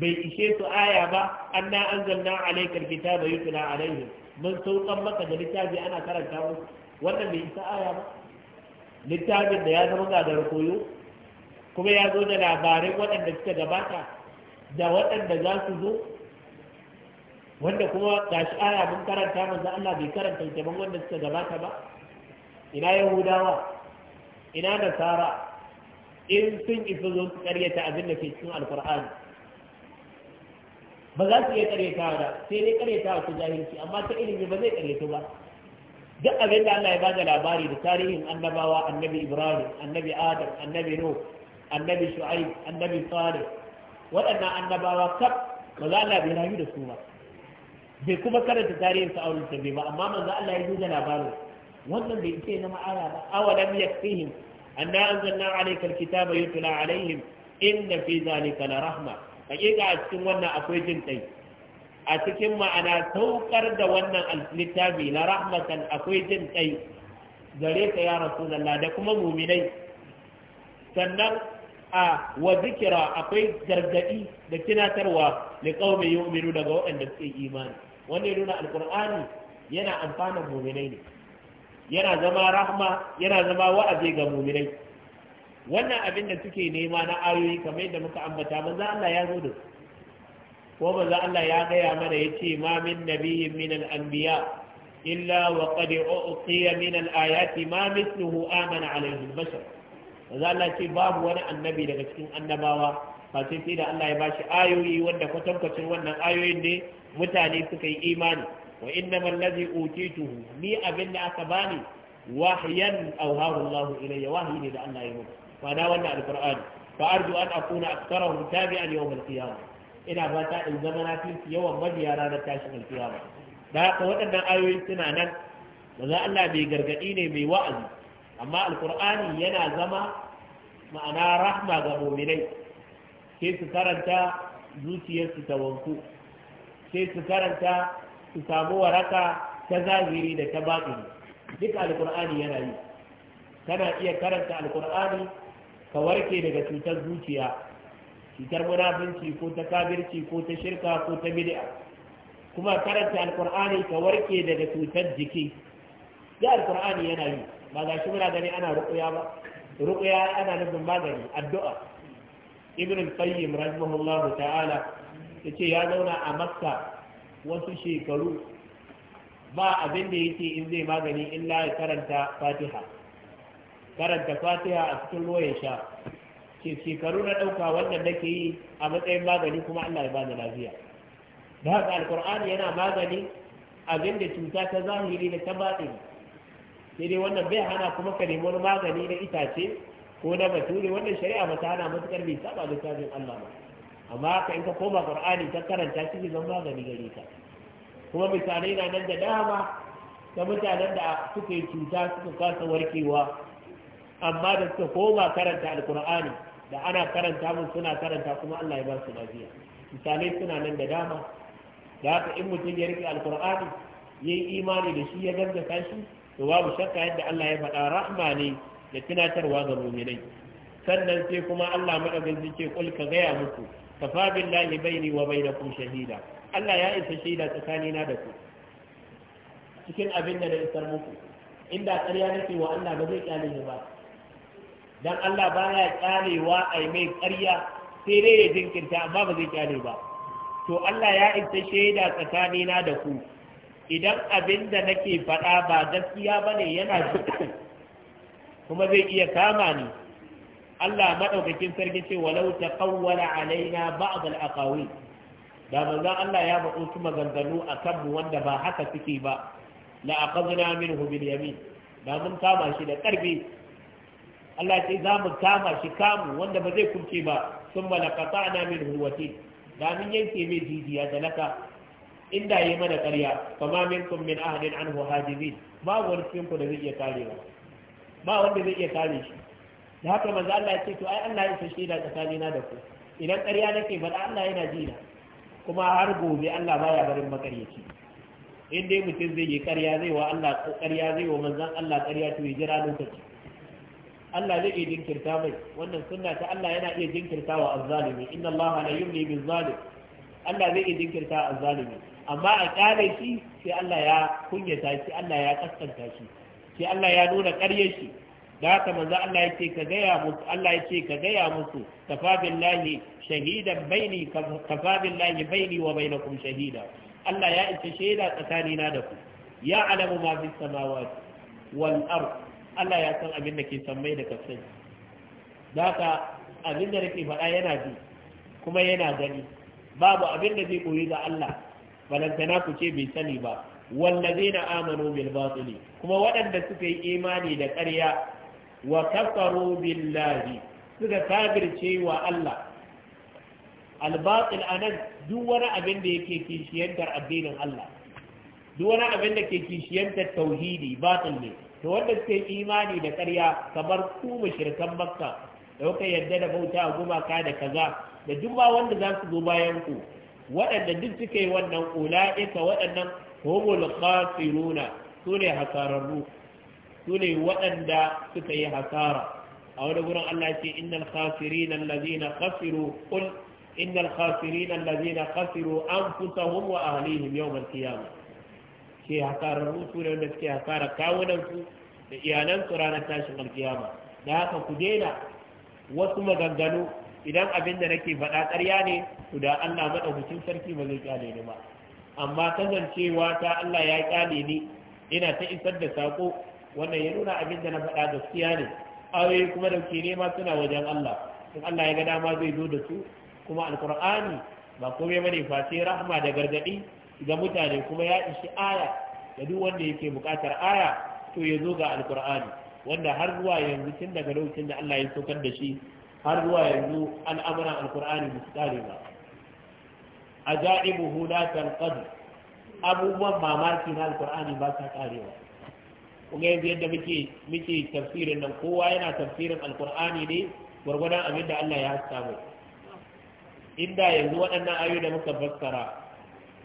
bai ishe su aya ba anna anzalna alaykal kitaba yutla alaihim mun saukan maka da littafi ana karanta musu wannan bai isa aya ba littafin da ya zama gadar koyo kuma ya zo da labarin waɗanda suka gabata da waɗanda za su zo wanda kuma gashi aya mun karanta manzo Allah bai karanta ban wanda suka gabata ba ina yahudawa ina da nasara in sun isa zo su karyata abin da ke cikin alkur'ani ba za su iya karyata da sai dai karyatawa su jahilci amma ta ilimi ba zai karyatu ba duk abin da Allah ya ba da labari da tarihin annabawa annabi Ibrahim annabi Adam annabi Nuh annabi Shu'aib annabi Salih waɗannan annabawa kaf ba za Allah bai rayu da su ba bai kuma karanta tarihin sa'aurin tabi ba amma manzo Allah ya duba labarin wannan bai ce na ma'ara ba awalam yakfihim anna anzalna alayka alkitaba yutla alaihim inna fi zalika la rahma hakika a cikin wannan akwai jin kai a cikin ma'ana saukar da wannan littafi la rahmatan akwai jin kai gare ka ya rasulullah da kuma muminai sannan a wa zikira akwai gargadi da tunatarwa da qaumi yu'minu daga waɗanda suke imani wannan nuna alqur'ani yana amfanin muminai ne yana zama rahma yana zama wa'azi ga muminai wannan abin da suke nema na ayoyi kamar yadda muka ambata manzo Allah ya zo da su ko manzo Allah ya gaya mana yace ma min nabiyyi min al-anbiya illa wa qad uqiya min al-ayati ma mithluhu amana alayhi al-bashar manzo Allah ce babu wani annabi daga cikin annabawa face sai da Allah ya bashi ayoyi wanda kwatankwacin wannan ayoyin ne mutane suka yi imani wa innama allazi utituhu ni abin da aka bani wahyan awhahu Allah ilayya wahyi ne da Allah ya muku fa da wannan alqur'ani fa arju an akuna aktharahum tabi'an yawm al-qiyamah ina ba ta in zama na fi yawan mabiya ranar tashin alkiyama da haka waɗannan ayoyi suna nan maza za Allah mai gargaɗi ne mai wa'azi amma alkur'ani yana zama ma'ana rahma ga muminai sai su karanta zuciyarsu ta wanku sai su karanta su samu waraka ta zahiri da ta batini duk alkur'ani yana yi kana iya karanta alkur'ani ka warke daga cutar zuciya cutar munafinci ko ta kabirci ko ta shirka ko ta bid'a kuma karanta alkur'ani ka warke daga cutar jiki da alkur'ani yana yi ba ga shi muna gani ana ruƙuya ba ruƙuya ana nufin magani addu'a ibn al-qayyim rahimahullahu ta'ala yace ya zauna a makka wasu shekaru ba abin da yake in zai magani illa ya karanta fatiha karanta fatiha a cikin ruwan sha ce shekaru na ɗauka wannan nake yi a matsayin magani kuma Allah ya bani lafiya da haka alkur'ani yana magani abin da cuta ta zahiri da ta baɗi sai dai wannan bai hana kuma ka nemi magani na itace ko na bature wannan shari'a ba ta hana matuƙar bai saba da Allah ba amma haka in ka koma qur'ani ta karanta shi zan magani gare ka kuma misalai na nan da dama da mutanen da suka yi cuta suka kasa warkewa amma da suka koma karanta alqur'ani da ana karanta mun suna karanta kuma Allah ya ba su lafiya misalai suna nan da dama da haka in mutum ya rike alkur'ani yayi imani da shi ya gaggata shi to babu shakka yadda Allah ya faɗa rahma ne da tunatarwa ga muminai sannan sai kuma Allah madagin ce kul ka gaya muku kafa billahi baini wa bainakum shahida Allah ya isa shaida tsakanina da ku cikin abin da na isar muku inda ƙarya nake wa Allah ba zai kyale ni ba dan Allah baya kyalewa ai mai ƙarya sai dai ya jinkirta amma ba zai kyale ba to Allah ya isa shaida tsakanina da ku idan abin da nake faɗa ba gaskiya bane yana kuma zai iya kama ni Allah maɗaukakin sarki ce walau ta taqawwala alaina ba'd al-aqawi da manzon Allah ya faɗo su maganganu akan mu wanda ba haka suke ba la aqadna minhu bil yamin da mun kama shi da karfi Allah ce za mu kama shi kamu wanda ba zai kurce ba sun malakata na min hulwati da mun yanke mai jijiya da laka inda ya mana karya, kama min kun min ahadin an hajizin ba wani cikin ku da zai iya kare ba ba wanda zai iya kare shi da haka manzo Allah ya ce to ai Allah ya san shaida tsakanina da ku idan ƙarya nake faɗa Allah yana ji na kuma har gobe Allah baya barin makaryaci in dai mutum zai yi ƙarya zai wa Allah ƙarya zai wa manzon Allah ƙarya to ya jira lokaci Allah zai iya jinkirta mai wannan sunna ta Allah yana iya jinkirta wa azzalimi inna Allah la yumli bil zalim Allah zai iya jinkirta wa azzalimi amma a kyale shi sai Allah ya kunyata shi Allah ya kaskanta shi sai Allah ya nuna ƙaryar shi da haka manzo Allah yake ka gaya musu Allah yake ka gaya musu kafa billahi shahidan baini kafa billahi baini wa bainakum shahida Allah ya isa shaida tsakanina da ku ya alamu ma fi samawati wal ard Allah ya san abin da ke sammai da kasai da ka, abin da nake faɗa yana ji kuma yana gani babu abin da zai koyi ga Allah balantana ku ce bai sani ba wallazina amanu bil batili kuma waɗanda suka yi imani da ƙarya wa kafaru billahi suka kafirce wa Allah albatil anan duk wani abin da yake kishiyantar addinin Allah duk wani abin da ke kishiyantar tauhidi batil ne to wanda suke imani da ƙarya kamar ku mushrikan makka da kuka yadda da bauta a gumaka da kaza da duk ba wanda za su zo bayan ku waɗanda duk suke wannan ula'ika waɗannan humul khasiruna su ne hasararru su ne waɗanda suka yi hasara a wani gurin Allah ce innal khasirin allazina khasiru qul innal khasirin allazina khasiru anfusahum wa ahlihim yau al ke hasarar su ne wanda suke hasara kawunan su da iyalan su ranar tashin alkiyama da haka ku daina wasu maganganu idan abin da nake faɗa ƙarya ne ku da Allah madaukakin sarki ba zai kyale ni ba amma kasancewa ta Allah ya ƙyale ni ina ta isar da saƙo. wannan ya nuna abin da na faɗa gaskiya ne aure kuma dauke ke nema suna wajen Allah in Allah ya ga dama zai zo da su kuma alkur'ani ba ya bane face rahma da gargadi ga mutane kuma ya ishi aya da duk wanda yake bukatar aya to ya zo ga alkur'ani wanda har zuwa yanzu tun daga lokacin da Allah ya saukar da shi har zuwa yanzu al'amuran alkur'ani ba su kare ba ajaibuhu hudatan tanqad abubuwan mamaki na alkur'ani ba sa karewa kuma yanzu yadda muke muke tafsirin nan kowa yana tafsirin alkur'ani ne gwargwadon abin da Allah ya haska mai inda yanzu waɗannan ayoyi da muka fassara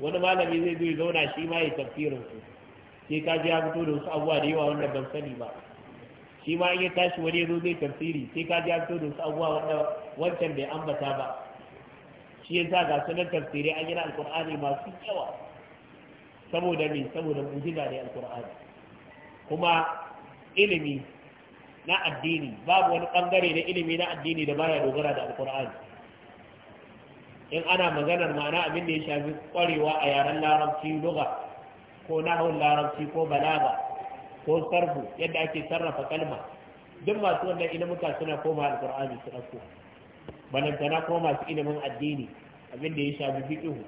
wani malami zai zo ya zauna shi ma ya tafsirin su sai ka ji ya fito da wasu abubuwa da yawa wanda ban sani ba shi ma in ya tashi wani ya zo zai tafsiri sai ka ji ya fito da wasu abubuwa wanda wancan bai ambata ba shi yasa ga sunan tafsiri an yi na alkur'ani masu yawa saboda me saboda mujiza ne alkur'ani kuma ilimi na addini babu wani bangare na ilimi na addini da baya dogara da alkur'ani in ana maganar ma'ana abin da ya shafi kwarewa a yaren larabci luga ko nahun larabci ko balaga ko sarfu yadda ake sarrafa kalma duk masu wannan ilimuka suna koma alkur'ani su ɗauko balantana ko masu ilimin addini abin da ya shafi fiƙihu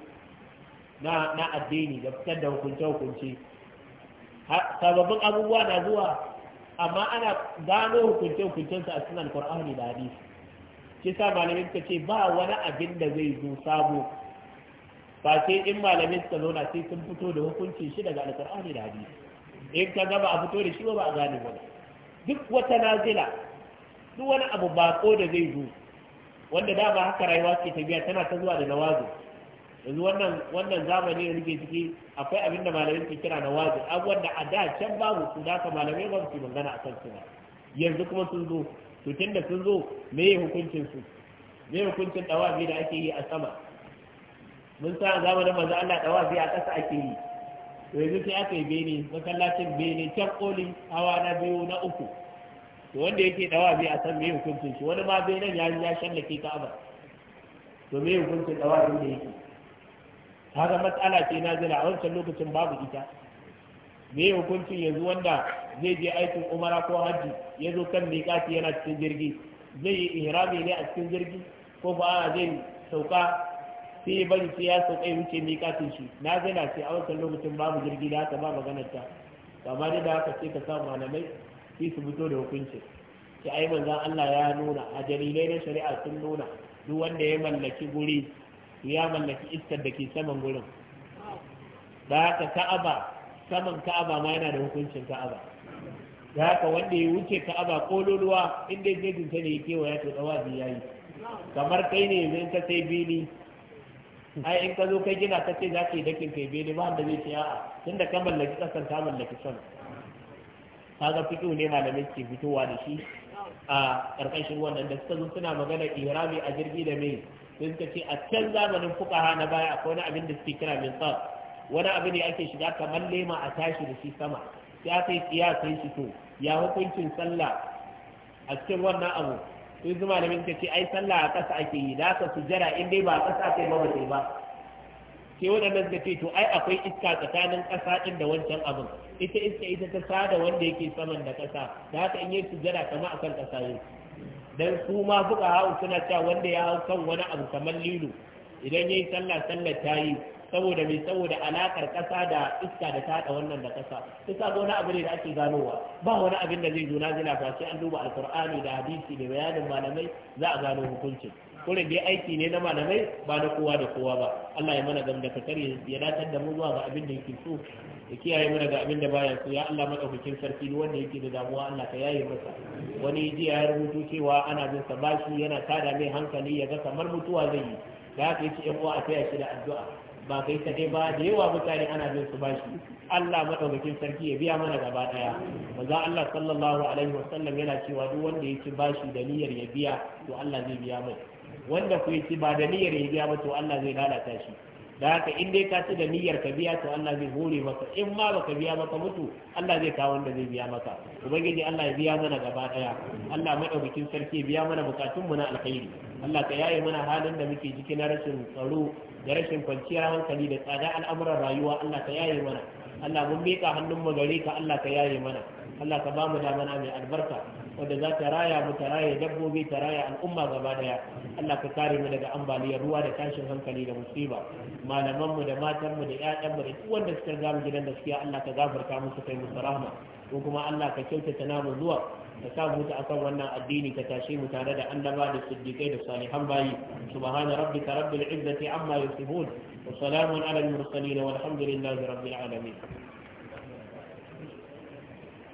na addini da fitar da hukunce-hukunce sababbin abubuwa na zuwa amma ana gano hukunce-hukuncensu a cikin alkur'ani da hadisi shi sa malamin suka ce ba wani abin da zai zo sabo ba sai in malamin suka zauna sai sun fito da hukuncin shi daga alkur'ani da hadisi in ka gaba a fito da shi ba a gane ba duk wata nazila duk wani abu bako da zai zo wanda dama haka rayuwa ke tafiya tana ta zuwa da nawazu. yanzu wannan wannan zamani da nake ciki akwai abin da malamai ke kira na wazi abubuwan da a da can babu su da ka malamai ba su magana a kan ba yanzu kuma sun zo to tunda sun zo me ya hukuncin su me hukuncin dawabi da ake yi a sama mun sa a zamanin manzo Allah dawabi a ƙasa ake yi to yanzu sai aka yi bene masallacin bene can koli hawa na biyu na uku to wanda yake dawabi a san me hukuncin shi wani ma benen ya ya shallake ka'aba to me hukuncin dawabi da yake kaga matsala ce zina a wancan lokacin babu ita me hukunci yanzu wanda zai je aikin umara ko hajji ya zo kan miƙati yana cikin jirgi zai yi ihrami ne a cikin jirgi ko ba a zai sauka sai bari sai ya sauka ya wuce miƙatin shi na zina sai a wancan lokacin babu jirgi da haka ba maganar ta da haka sai ka sa malamai sai su fito da hukuncin ki ai manzon Allah ya nuna a dalilai na shari'a sun nuna duk wanda ya mallaki guri ya mallaki iskar da ke saman gurin da haka ka'aba saman ka'aba ma yana da hukuncin ka'aba da haka wanda ya wuce ka'aba kololuwa inda ya ta ne ya kewaya to tsawa ya yi kamar kai ne yanzu in ka sai bili ai in ka zo kai gina ka ce za ka yi dakin kai bili ba da zai ce a'a tunda ka mallaki kasan ta mallaki sama kaga fito ne malamai ke fitowa da shi a ƙarƙashin wannan da suka zo suna magana irami a jirgi da mai sai suka ce a can zamanin fukaha na baya akwai wani abin da suke kira min sas wani abu ne ake shiga kamar lema a tashi da shi sama sai aka yi sai shi to ya hukuncin sallah a cikin wannan abu sai zuma da suka ce ai sallah a ƙasa ake yi da aka sujjara in dai ba a ƙasa aka ba ba ba sai waɗannan suka ce to ai akwai iska tsakanin ƙasa ɗin da wancan abin ita iska ita ta sada wanda yake saman da ƙasa da haka in yi sujjada kamar akan ƙasa yau dan su ma fuka hau suna cewa wanda ya hau kan wani abu kamar lilo idan yayi sallah sallar tayi saboda mai saboda alakar kasa da iska da tada wannan da kasa kisa ga wani abu ne da ake ganowa ba wani abin da zai zo na zina fa sai an duba alqur'ani da hadisi da bayanin malamai za a gano hukuncin kurin dai aiki ne na malamai ba na kowa da kowa ba Allah ya mana gam da kakar ya datar da mu zuwa ga abin da yake so ya kiyaye mana ga abin da baya so ya Allah madaukakin sarki wanda yake da damuwa Allah ka yaye masa wani jiya ya rubuto cewa ana bin sa bashi yana tada mai hankali ya ga kamar mutuwa zai yi da haka yace yan uwa a taya shi da addu'a ba kai dai ba da yawa mutane ana bin su bashi Allah madaukakin sarki ya biya mana gaba daya manzo Allah sallallahu alaihi wasallam yana cewa duk wanda ya ci bashi da niyyar ya biya to Allah zai biya mai wanda ku ci ba da niyyar ya biya ba to Allah zai lalata shi da haka in dai ka ci da niyyar ka biya to Allah zai hore maka in ma baka biya maka mutu Allah zai kawo wanda zai biya maka ubangiji Allah ya biya mana gaba daya Allah madaukakin sarki biya mana bukatun mu na alkhairi Allah ka yaye mana halin da muke ciki na rashin tsaro da rashin kwanciyar hankali da tsada al'amuran rayuwa Allah ka yaye mana Allah mun miƙa hannun mu gare ka Allah ka yaye mana Allah ka ba mu damana mai albarka wanda za ta raya mu ta raya dabbobi ta raya al'umma gaba daya Allah ka kare mu daga ambaliyar ruwa da tashin hankali da musiba malaman mu da matan mu da ƴaƴan mu da duk wanda suka gamu gidan gaskiya Allah ka gafarta musu kai musu rahma ko kuma Allah ka kyautata namu zuwa ka sa mu ta akan wannan addini ka tashe mu tare da annaba da siddiqai da salihan bayi subhana rabbika rabbil izzati amma yasifun wa salamun ala al mursalin walhamdulillahi rabbil alamin